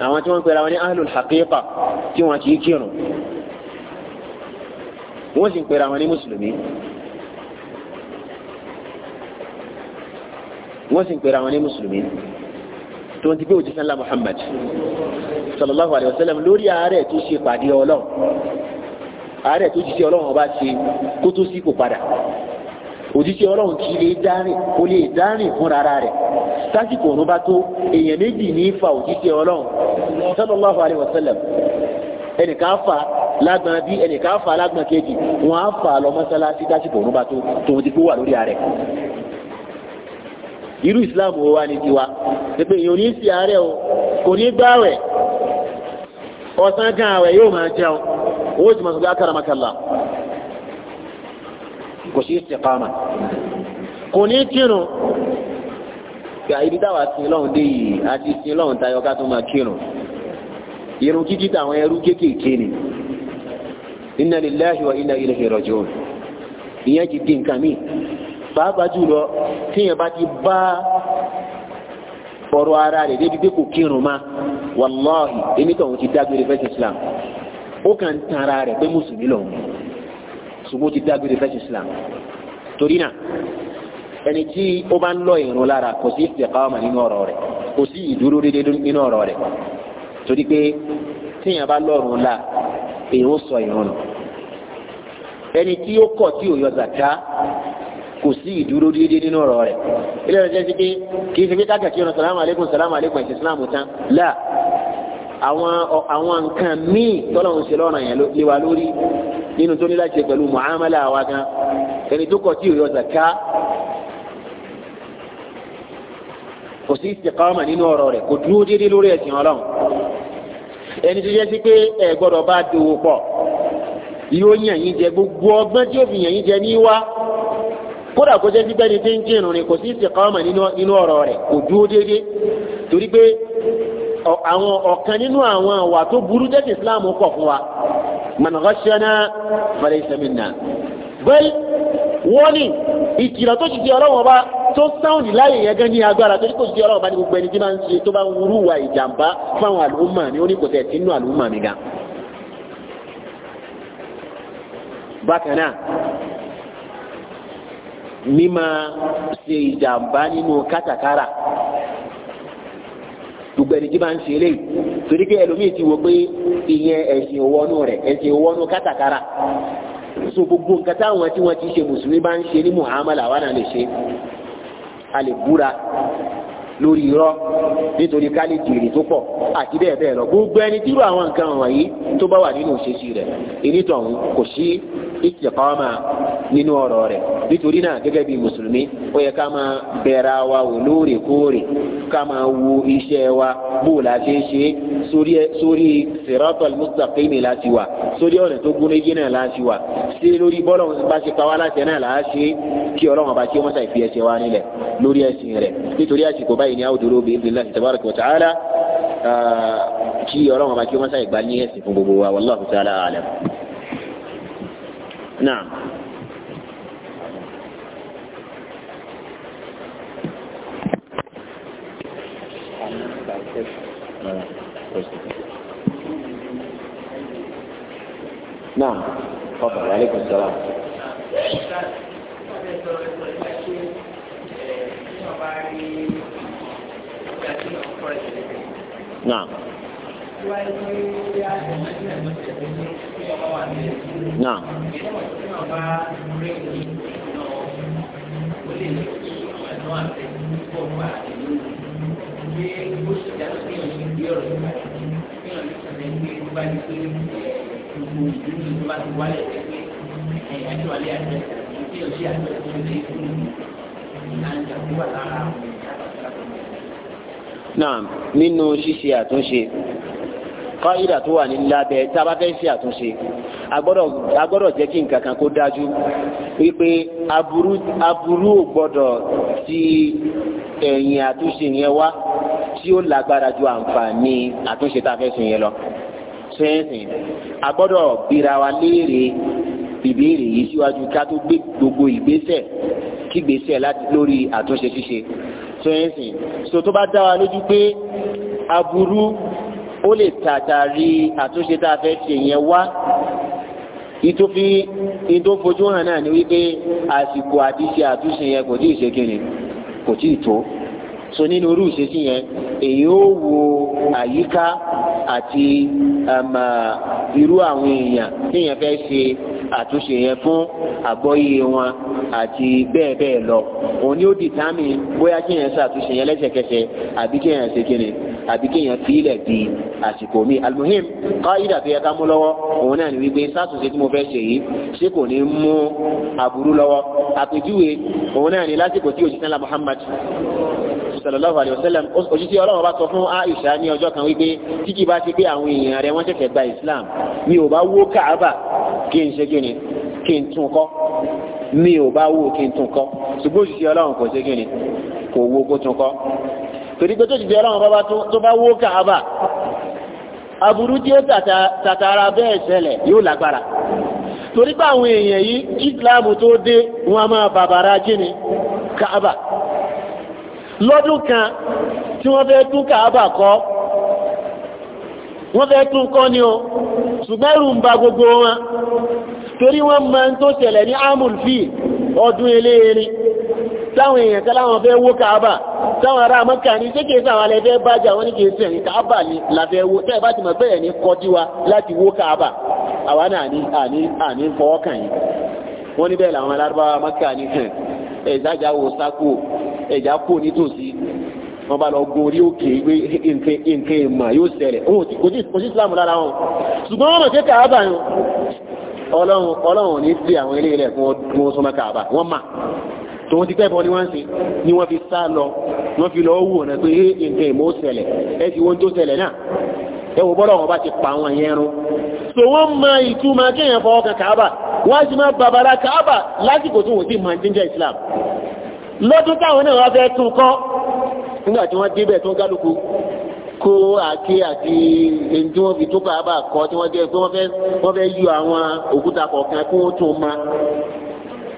àwọn tí wọ́n ń pera wọn ní ahlul haqiqa tí wọ́n kì kírun wọ́n sì ń pera wọn ní mùsùlùmí wọ́n sì ń pera wọn ní mùsùlùmí tó ń ti gbé òjíṣẹ́ ńlá Muhammad sallallahu alayhi wa sallam lórí àárẹ̀ tó ṣe pàdé ọlọ́run àárẹ̀ tó jíṣẹ́ ọlọ́run ọba ṣe kó tó sí kò padà òjíṣẹ́ ọlọ́run kì í lè dárìn kò lè dárìn fún rárá rẹ̀ sásìkò òun bá tó èèyàn méjì ní fa òjíṣẹ́ ọlọ́run sallallahu alayhi wa sallam ẹnìkan fa lágbọn bí ẹnìkan fa lágbọn kejì wọn á fa lọ mọ́sálásí sásìkò òun bá tó tòun ti gbówà lórí àárẹ̀ irú islam wo wá ní tiwa pé èyàn ní sí àárẹ̀ o kò ní gbáwẹ̀ ọ̀sán gan àwẹ̀ yóò máa jẹun owó ti mọ̀sùn lákàrà makalla kò sí istiqama kò ní kírun gbà ibi táwa sin lọ́hùn dé yìí àti sin lọ́hùn tayọ ká tó máa kírun irun kíkí táwọn ẹrú kéékèèké ni inna lillahi wa inna ilaihi rajiun ìyẹn ti di nǹkan pàápàá jùlọ tíyẹn bá ti bá ọ̀rọ̀ ara rẹ̀ débi pé kò kírun ma wàláhì èmi tó ń ti dágbére fẹ́sì islam ó kàn ń tan ara rẹ̀ pé mùsùlùmí lòun ṣùgbọ́n ó ti dágbére fẹ́sì islam torí náà ẹni tí ó bá ń lọ ìrun lára kò sí ìfẹ̀káwọ́mà nínú ọ̀rọ̀ rẹ̀ kò sí ìdúró dédé nínú ọ̀rọ̀ rẹ̀ torí pé tíyẹn bá lọ́rùn la èèyàn ó sọ ìrun nù ẹni tí ó kọ̀ tí ò yọ zàká kò sí ìdúró déédéé nínú ọ̀rọ̀ rẹ̀ ilé ẹ̀rọ jẹ́ sí pé kì í ṣe pé káàkiri ọ̀nà sàlámù aleykum sàlámù aleykum ẹ̀sìn islam tán là àwọn àwọn nǹkan míì tọ́lọ̀ ń ṣe lọ́rọ̀ yẹn lé wa lórí nínú tó ní láti ṣe pẹ̀lú muhammadu àwa gan ẹni tó kọ tí yóò yọ zaka kò sí istiqama nínú ọ̀rọ̀ rẹ̀ kò dúró déédéé lórí ẹ̀sìn ọlọ́run ẹni tó jẹ́ pé ẹ gbọ́dọ̀ bá dòwò pọ̀ yóò yàn yín jẹ gbogbo ọgbọ́n tí yóò fi yàn yín jẹ ní wá kódà kó jẹ́ gbígbẹ́ ni tí ń kírun ni kò sí istiqama nínú ọ̀rọ̀ rẹ̀ kò dúró déédéé torí pé àwọn ọ̀kan nínú àwọn àwà tó burú jẹ́ islam kọ̀ fún wa man ghashana falaysa minna bẹ́ẹ̀ wọ́n ní ìkìlọ̀ tó ti di ọlọ́wọ́n bá tó sáwùndì láyè yẹn gan ní agbára tó ní kò di ọlọ́wọ́n bá ní gbogbo ẹni tí máa ń ṣe tó bá ń wúrú wa ìjàmbá fáwọn àlùmọ̀ mímá ṣe ìjàmbá nínú kátàkárà gbogbo ẹni tí bá ń ṣe eléyìí torí pé ẹlòmíì ti wọ pé ìyẹn ẹ̀sìn wọnú rẹ̀ ẹ̀sìn wọnú kátàkárà so gbogbo nǹkan táwọn tí wọ́n ti ṣe mùsùlùmí bá ń ṣe ní muhammadu àwọn àna ṣe a búra lórí irọ́ nítorí kálí jèrè tó pọ̀ àti bẹ́ẹ̀ bẹ́ẹ̀ lọ gbogbo ẹni tírú àwọn nǹkan wọ̀nyí tó bá wà nínú òṣèṣì rẹ̀ ìnítọ̀hún kò sí istiqama nínú ọ̀rọ̀ rẹ̀ nítorí náà gẹ́gẹ́ bí mùsùlùmí ó yẹ ká máa bẹ̀rẹ̀ wa wò lóòrèkóòrè ká máa wo iṣẹ́ wa bó o la ṣe ń ṣe sórí siratal mustaqim la ti wà sórí ọ̀nà tó gún régé náà la ti wà ṣé lórí bọ́lọ̀ bá ṣe pa láṣẹ náà la ṣe kí ọlọ́run bá ṣe wọ́n ṣàìfi ẹsẹ̀ wa nílẹ̀ lórí ẹ̀sìn rẹ̀ nítorí àsìkò b báyìí ni a ó dúró bí Allahi tabaraka wa ta'ala kí ọlọ́run ọba kí wọ́n sáyẹ̀ gbá ní ẹ̀sìn fún gbogbo wa wallahu ta'ala a'lam. Naam. نعم تفضل عليكم السلام Thank you. Naam. Naam náà nínú ṣíṣe àtúnṣe fáyidà tó wà ní lábẹ́ tá a bá fẹ́ ṣe àtúnṣe a gbọ́dọ̀ jẹ́ kí nǹkan kan kó dájú wípé aburú aburú ò gbọ́dọ̀ ti ẹ̀yìn àtúnṣe yẹn wá tí ó lágbára ju àǹfààní àtúnṣe tá a fẹ́ ṣe yẹn lọ sẹ́yìn a gbọ́dọ̀ bira wa léèrè ìbéèrè yìí síwájú ká tó gbé gbogbo ìgbésẹ̀ kígbésẹ̀ lórí àtúnṣe ṣíṣe sọ yẹn sìn so tó bá dá wa lójú pé aburú ó lè tàtàrí àtúnṣe tá a fẹ́ ṣe yẹn wá ìtòfi ìtòfojú hàn náà ni wípé àsìkò àtiṣe àtúnṣe yẹn kò tí ì ṣe kíni kò tí ì tó so nínú irú ìṣesí yẹn èyí ó wo àyíká àti um, irú àwọn èèyàn téèyàn fẹ́ ṣe àtúnṣe yẹn fún àgbọ́yé wọn àti bẹ́ẹ̀ bẹ́ẹ̀ lọ òun ni ó determine bóyá kí yẹn ṣàtúnṣe yẹn lẹ́sẹ̀kẹsẹ̀ àbí kí yẹn ṣe kíni àbí kí yẹn fílẹ̀ di àsìkò mi almuhim káyidà tó yẹ ká mú lọ́wọ́ òun náà ni wípé sátúnṣe tí mo fẹ́ ṣe yìí ṣé kò ní mú aburú lọ́wọ́ àpèjúwe òun náà ni lásìkò tí òṣìṣẹ́ ńlá Muhammad sallallahu alayhi wa sallam òṣìṣẹ́ ọlọ́run bá sọ fún Aisha ní ọjọ́ kan wípé tí bá ti pé àwọn èèyàn rẹ̀ wọ́n ṣẹ̀ṣẹ̀ gba Islam mi ò bá wó Káàbà kí n ṣe kí ni kí n tún kọ́ mi ò bá wò kí n tún kọ́ ṣùgbọ́n òṣìṣẹ́ ọlọ́run kò ṣe kí ni kò wo kó tún kọ́ torí pé tó ti di ọlọ́run bá tó bá wó káàbà aburú tí ó tàtàrà bẹ́ẹ̀ ṣẹlẹ̀ yóò lágbára torí pé àwọn èèyàn yìí Islam tó dé wọn a máa bàbàrà jíni káàbà lọ́dún kan tí wọ́n fẹ́ tún káàbà kọ́ wọ́n fẹ́ tún kọ́ ni o ṣùgbọ́n ẹ̀rù ń ba gbogbo wọn torí wọ́n mọ̀ ń tó ṣẹlẹ̀ ní amulfi ọdún eléerin táwọn èèyàn tẹ́láwọn fẹ́ wó káàbà táwọn ará mọ́kà ní ṣé kìí sáwọn alẹ́ fẹ́ bájà wọ́n ní kìí sí ẹ̀yìn káàbà ní làfẹ́ wó tẹ́ẹ̀ bá ti wọ́n bá lọ gorí òkè ìwé nǹkan ìmọ̀ yóò ṣẹlẹ̀ kò sí islam lára wọn ṣùgbọ́n wọ́n mọ̀ sí kàábà yẹn ọlọ́run ọlọ́run ní sí àwọn ilé rẹ̀ fún wọn sọmọ kàábà wọ́n mà tòun ti pẹ́ bọ́ ni wọ́n ń ṣe ni wọ́n fi sá lọ wọ́n fi lọ wò náà pé nǹkan ìmọ̀ ó ṣẹlẹ̀ ẹ ti wo ohun tó ṣẹlẹ̀ náà ẹ wò bọ́lọ̀ wọn bá ti pa àwọn yẹn rún so wọ́n mọ ìtumọ̀ kéèyàn fọwọ́ kan kàábà wọ́n á sì máa bàbára kàábà lásìkò tí wọ́n sì máa lọ́dún táwọn náà wá fẹ́ tún kọ́ nígbà tí wọ́n débẹ̀ tó kálukú kó àké àti èyí tí wọ́n fi tó kàábà kọ́ tí wọ́n dé pé wọ́n fẹ́ wọ́n fẹ́ yọ àwọn òkúta kọ̀ọ̀kan kó wọ́n tún ma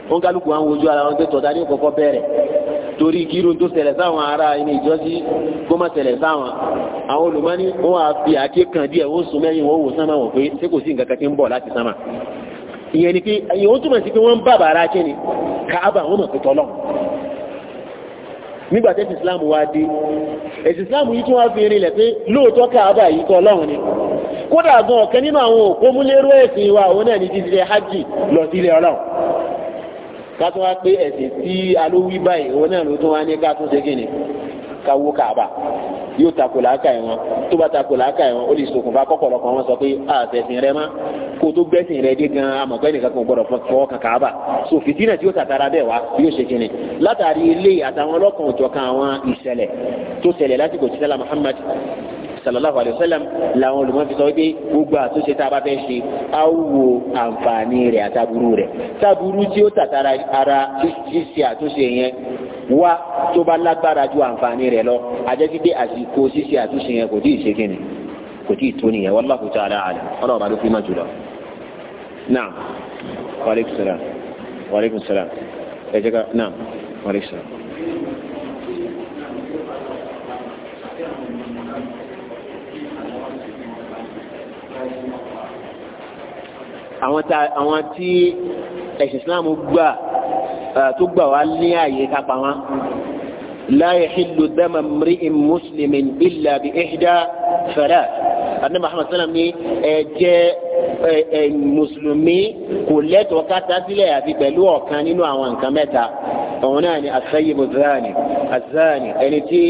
wọ́n kálukú àwọn ojú ara wọn pé tọ̀dá ní kọ̀kọ́ bẹ̀rẹ̀ torí kírun tó ṣẹlẹ̀ sáwọn ará ilé ìjọsí kó má ṣẹlẹ̀ sáwọn àwọn olùmọ́ni wọ́n wá fi àké kan díẹ̀ wọ́n sùn mẹ́yìn wọ́n wò sánmà wọ̀ pé ṣé kò sí nǹkan kan tí ń bọ̀ láti sánmà ìyẹn ni pé ìyẹn ó túmọ̀ sí pé wọ́n ń bàbà ara kí ni káàbà wọ́n mọ̀ pé tọ́lọ́run nígbà tẹ́sí islam wá dé ẹ̀sìn islam yìí tí wọ́n fi rinlẹ̀ pé lóòótọ́ káàbà yìí tọ́ ọlọ́run ni kódà gan ọ̀kan nínú àwọn òpómúlérú ẹ̀sìn wa òun náà ní ti ṣe hajj lọ sí ilé ọlọ́run ká tún wá pé ẹ̀sìn tí alówí báyìí òun náà ló tún wá ní ká tún ṣe kí ni ká wó káàbà yóò takò làákà yẹn wọn tó bá takò làákà yẹn wọn ó lè ṣokùnfà kọ́kọ́rọ́ kan wọn sọ pé àtẹ̀sìn rẹ mọ́ kó o tó gbẹ́sìn rẹ dé gan amọ̀gbẹ́ nìkan kan gbọ́dọ̀ fọwọ́ kan káàbà so fìtínà tí yóò tàtara bẹ́ẹ̀ wá yóò ṣe kíni látàrí ilé àtàwọn ọlọ́kan òjọ̀kan àwọn ìṣẹ̀lẹ̀ tó ṣẹlẹ̀ lásìkò tí sẹ́lá Muhammad sallallahu alayhi wa sallam làwọn olùmọ̀ fi sọ pé gbogbo àtúnṣe tá a bá fẹ́ ṣe á àǹfààní rẹ̀ àtàbúrú rẹ̀ tàbúrú tí ó tàtara ara ṣíṣe àtúnṣe yẹn wá tó bá lágbára ju àǹfààní rẹ̀ lọ àjẹsí pé àsìkò ṣíṣe àtúnṣe yẹn kò tí ì ṣe kí ni kò tí ì tó nìyẹn wallahu ta'ala alam ọlọ́run bá ló fi má jùlọ. naam waaleykum salaam waaleykum salaam ẹ jẹ́ ká naam waaleykum salaam. àwọn tí ẹ̀sìn Islam gbà tó gbà wá ní àyè kápá wọn. لا يحل دم امرئ مسلم إلا بإحدى ثلاث أن محمد صلى الله عليه وسلم jẹ́ mùsùlùmí kò lẹ́tọ̀ọ́ káta sílẹ̀ àti pẹ̀lú ọ̀kan nínú àwọn nǹkan mẹ́ta òun náà ni àṣẹyìnbó zani azani ẹni tí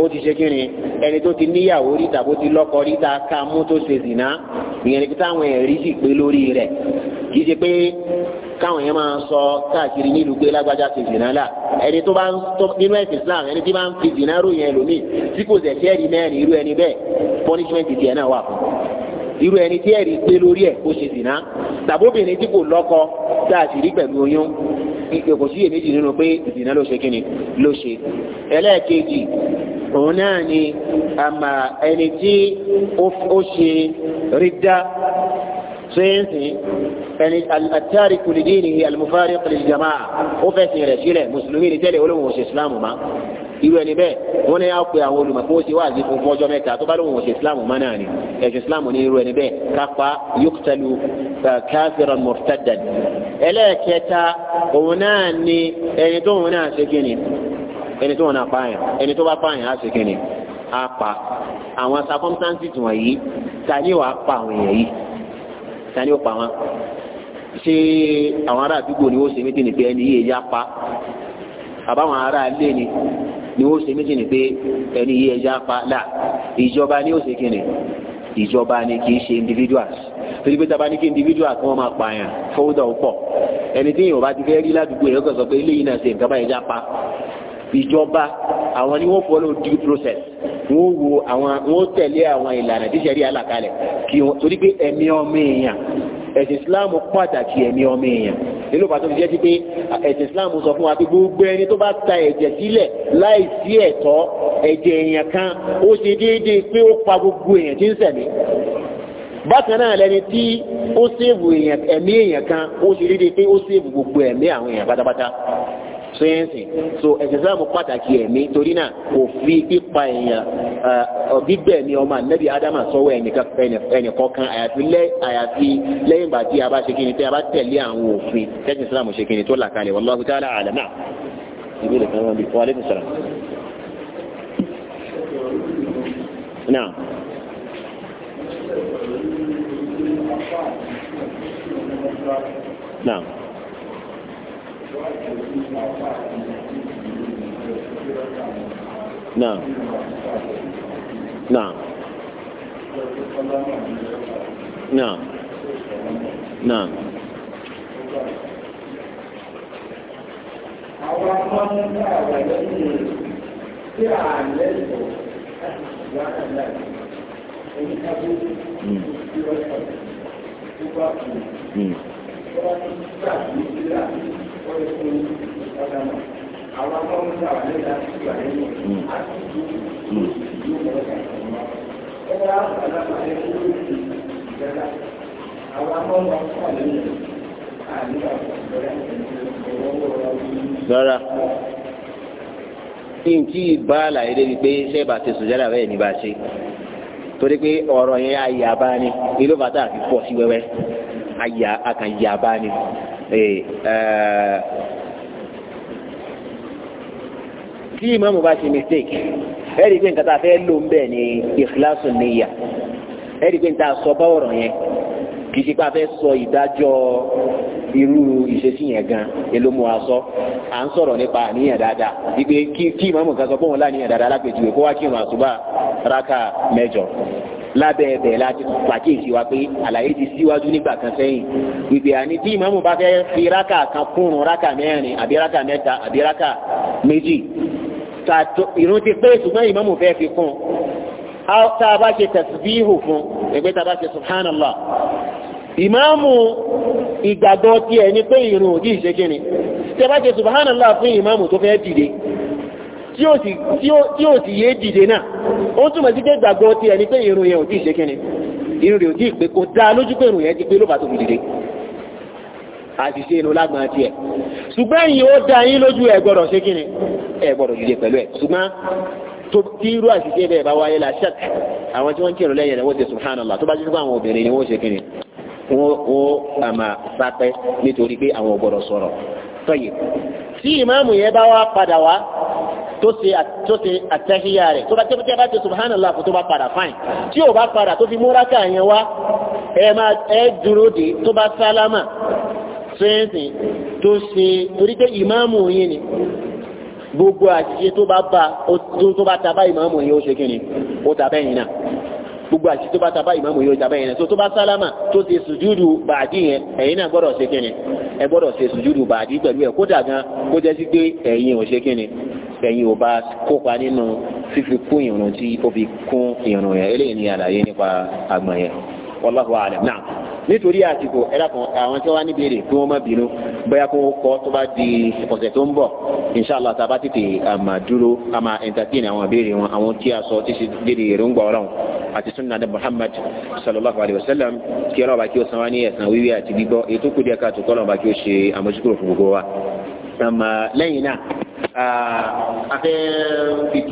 ó ti ṣe kíni ẹni tó ti níyàwó rí tàbó ti lọ́kọ rí ta ká mú tó ṣe zìnà ìyẹn ni táwọn ẹ̀rí sì pé lórí rẹ̀ kì í ṣe pé káwọn yẹn máa sọ káàkiri nílùú pé lágbájá ṣe zìnà láà ẹni tó bá ń tọ́ nínú ẹ̀sìn Islam ẹni tí bá ń fi zina ró yẹn lómi tí kò sẹ̀sẹ̀ ẹ̀rí mẹ́rin irú ẹni bẹ́ẹ̀ punishment tiẹ̀ náà wà fún irú ẹni tí ẹ̀rí pé lórí ẹ̀ kó ṣe zina tàbóbìnrin tí kò lọ́kọ tá a sì rí pẹ̀lú oyún kò sí èméjì nínú pé zina ló ṣe kíni ló ṣe ẹlẹ́ẹ̀kejì òun náà ni àmà ẹni tí ó ṣe rídá ṣéǹsì ẹni àtàrí kùlìdí ni àlùmùfárí kùlìjàmá ó fẹ́ sin rẹ̀ sílẹ̀ mùsùlùmí ni tẹ́lẹ̀ olóhùn òṣè ìsìláàmù má irú ẹni bẹ́ẹ̀ wọ́n ní á pe àwọn olùmọ̀ kó o ṣe wáàzí fún fún ọjọ́ mẹ́ta tó bá lóhùn òṣè ìsìláàmù má náà ni ẹ̀sìn ìsìláàmù ní irú ẹni bẹ́ẹ̀ kápá yókùtàlù káfíran mọ̀tàdàn ẹlẹ́ẹ̀kẹta òun náà ni ẹni tó òun náà ṣe kíni ẹni tó òun náà pààyàn ẹni tó bá pààyàn á ṣe kíni á pa àwọn circumstances wọ̀nyí ta ni wàá pa àwọn èèyàn yìí ta ni ó pa wọn ṣé àwọn ará àdúgbò ni wọ́n ṣe mítìnì pé ẹni yìí ẹja pa àbáwọn ará ilé ni ni wọ́n ṣe mítìnì pé ẹni yìí ẹja pa là ìjọba ni ó ṣe kìnnì ìjọba ni kì í ṣe individuals torí pé taba ní kí individual kí wọ́n máa pààyàn fọwọ́dà ọ̀pọ̀ ẹni tí yìnbọn bá ti fẹ́ rí ládùúgbò yẹn kọ̀sọ̀ pé eléyìí náà ṣe nǹkan báyìí já pa ìjọba àwọn ni wọ́n follow due process wọ́n wo àwọn wọ́n tẹ̀lé àwọn ìlànà tíṣẹ̀rí àlàkalẹ̀ kí wọ́n torí pé ẹ̀mí ọmọ èèyàn ẹ̀sìn islam pàtàkì ẹ̀mí ọmọ èèyàn nílò pàtó ti jẹ́ sí pé ẹ̀sìn islam sọ fún wa pé gbogbo ẹni tó bá ta ẹ̀jẹ̀ sílẹ̀ láì sí ẹ̀tọ́ ẹ̀jẹ̀ èèyàn kan ó ṣe déédéé pé ó pa gbogbo èèyàn tí ń ṣẹ̀mí bákan náà lẹni tí ó ṣèwò ẹ̀mí èèyàn kan ó ṣe déédéé pé ó ṣèwò gbogbo ẹ̀mí àwọn èèyàn pátápátá sẹ́yìnsìn so ẹ̀sẹ̀sáàmù pàtàkì ẹ̀mí torí náà kò fi pípa èèyàn gbígbẹ̀mí ọmọ ànábì ádámà sọ́wọ́ ẹnìkọ̀ọ̀kan àyàfi lẹ́yìn ìgbà tí a bá ṣe kí ni tí a bá tẹ̀lé àwọn òfin tẹ́sìn islam ṣe kí ni tó là kalẹ̀ wallahu ta'ala a'lam náà ìbéèrè kan wọn bí wa alaikum salaam. náà. náà. Naam. Naam. Naam. Naam. Àwọn hmm. ọmọ hmm wọ́n lè fún ọ̀dà mọ̀. Àwọn akọ́ ń sọ àwọn ẹ̀dá sí ìgbà lẹ́yìn àti ìlú ìlú ọ̀dà ìgbà. Ẹgbẹ́ àwọn ọ̀dà máa ń kí n tí ì bá àlàyé débi pé sẹ́ẹ̀bà ti sùn jáde àbẹ́yẹ̀ ní bá ṣe torí pé ọ̀rọ̀ yẹn ayé abá ni ilé bàtà àfi pọ̀ sí wẹ́wẹ́ ayé akàn abá ni tí ìmáàmù bá ṣe mistake ẹ̀rí pé nǹkan tá a fẹ́ lò ń bẹ̀ ní ìkíláàsù níyà ẹ̀rí pé nǹkan tá a sọ bá ọ̀rọ̀ yẹn kì í ṣe pé a fẹ́ sọ ìdájọ́ irú ìṣesí yẹn gan èló mu wa sọ à ń sọ̀rọ̀ nípa àníyàn dáadáa wípé kí ìmáàmù kan sọ pé òun láàníyàn dáadáa lápèjúwe kó wá kí ìrun àsùbá rákà mẹ́jọ lábẹ́ ẹbẹ̀ láti pàkíyèsí wa pé àlàyé ti síwájú nígbà kan sẹ́yìn wípé àní tí ìmáàmù bá fẹ́ fi rákà kan kúrun rákà mẹ́rin àbí rákà mẹ́ta àbí rákà méjì tààtò ìrun ti pé ṣùgbọ́n ìmáàmù fẹ́ fi kún tá a bá ṣe tẹ̀síbíhù fún ẹgbẹ́ tá a bá ṣe subhanallah ìmáàmù ìgbàgbọ́ tiẹ̀ ni pé ìrun òjì ìṣe kíni tẹ́ bá ṣe subhanallah fún ìmáàmù tó fẹ́ dìde tí ó sì tí ó sì yé dìde náà ó túnmọ̀ sí pé gbàgbọ́ ti ẹni pé irun yẹn ò tí ì ṣe kíni irun rẹ̀ ò tí ì pé kò dá lójú pé irun yẹn ti pé ló bá tó fi dìde àṣìṣe inú lágbọ̀n tiẹ̀ ṣùgbọ́n yìí ó dá yín lójú ẹ̀ gbọ́dọ̀ ṣe kíni ni wọ́n ṣe kíni wọ́n ó àmà sápẹ́ nítorí pé àwọn ò gbọ́dọ̀ sọ̀rọ̀ tọ́yì tí ìmáàmù yẹn bá wá padà wá tó ṣe tó ṣe àtẹ́híyà rẹ̀ tó bá tẹ́ bá ṣe subhanallah kò tó bá padà fáìn tí ò bá padà tó fi múrákà yẹn wá ẹ máa ẹ dúró dé tó bá sálámà fẹ́ǹsì tó ṣe torí pé ìmáàmù yín ni gbogbo àṣìṣe tó bá bá bá ìmáàmù yín ó ṣe kí ni ó tabẹ́yìn náà gbogbo àti tó bá ta bá ìmáàmù yóò ta báyìí náà tó tó bá sálámà tó ṣe sùjúdù bàdí yẹn ẹ̀yin náà gbọ́dọ̀ ṣe kíni ẹ gbọ́dọ̀ ṣe sùjúdù bàdí pẹ̀lú ẹ̀ kódà gan kó jẹ́ sí pé ẹ̀yin ò ṣe kíni ẹ̀yin ò bá kópa nínú fífi kún ìrùn tí ó fi kún ìrùn yẹn eléyìí ni àlàyé nípa àgbọ̀n yẹn wallahu a'lam náà nítorí àsìkò ẹ̀dá kan àwọn tí wọ́n wá níbèrè kí wọ́n má bínú bóyá kó kọ́ tó bá di ọ̀sẹ̀ tó ń bọ̀ inṣàlá tá a bá tètè àmà àmà entertain àwọn ìbéèrè wọn àwọn tí a sọ tí dédé èròǹgbà ọ̀rọ̀ àti sunna ní Muhammad sallallahu alayhi wa sallam kí ọlọ́run bá kí ó san wá ní ẹ̀san wíwí àti gbígbọ́ ètò kúdíẹ̀ káàtó kọ́lọ́run bá kí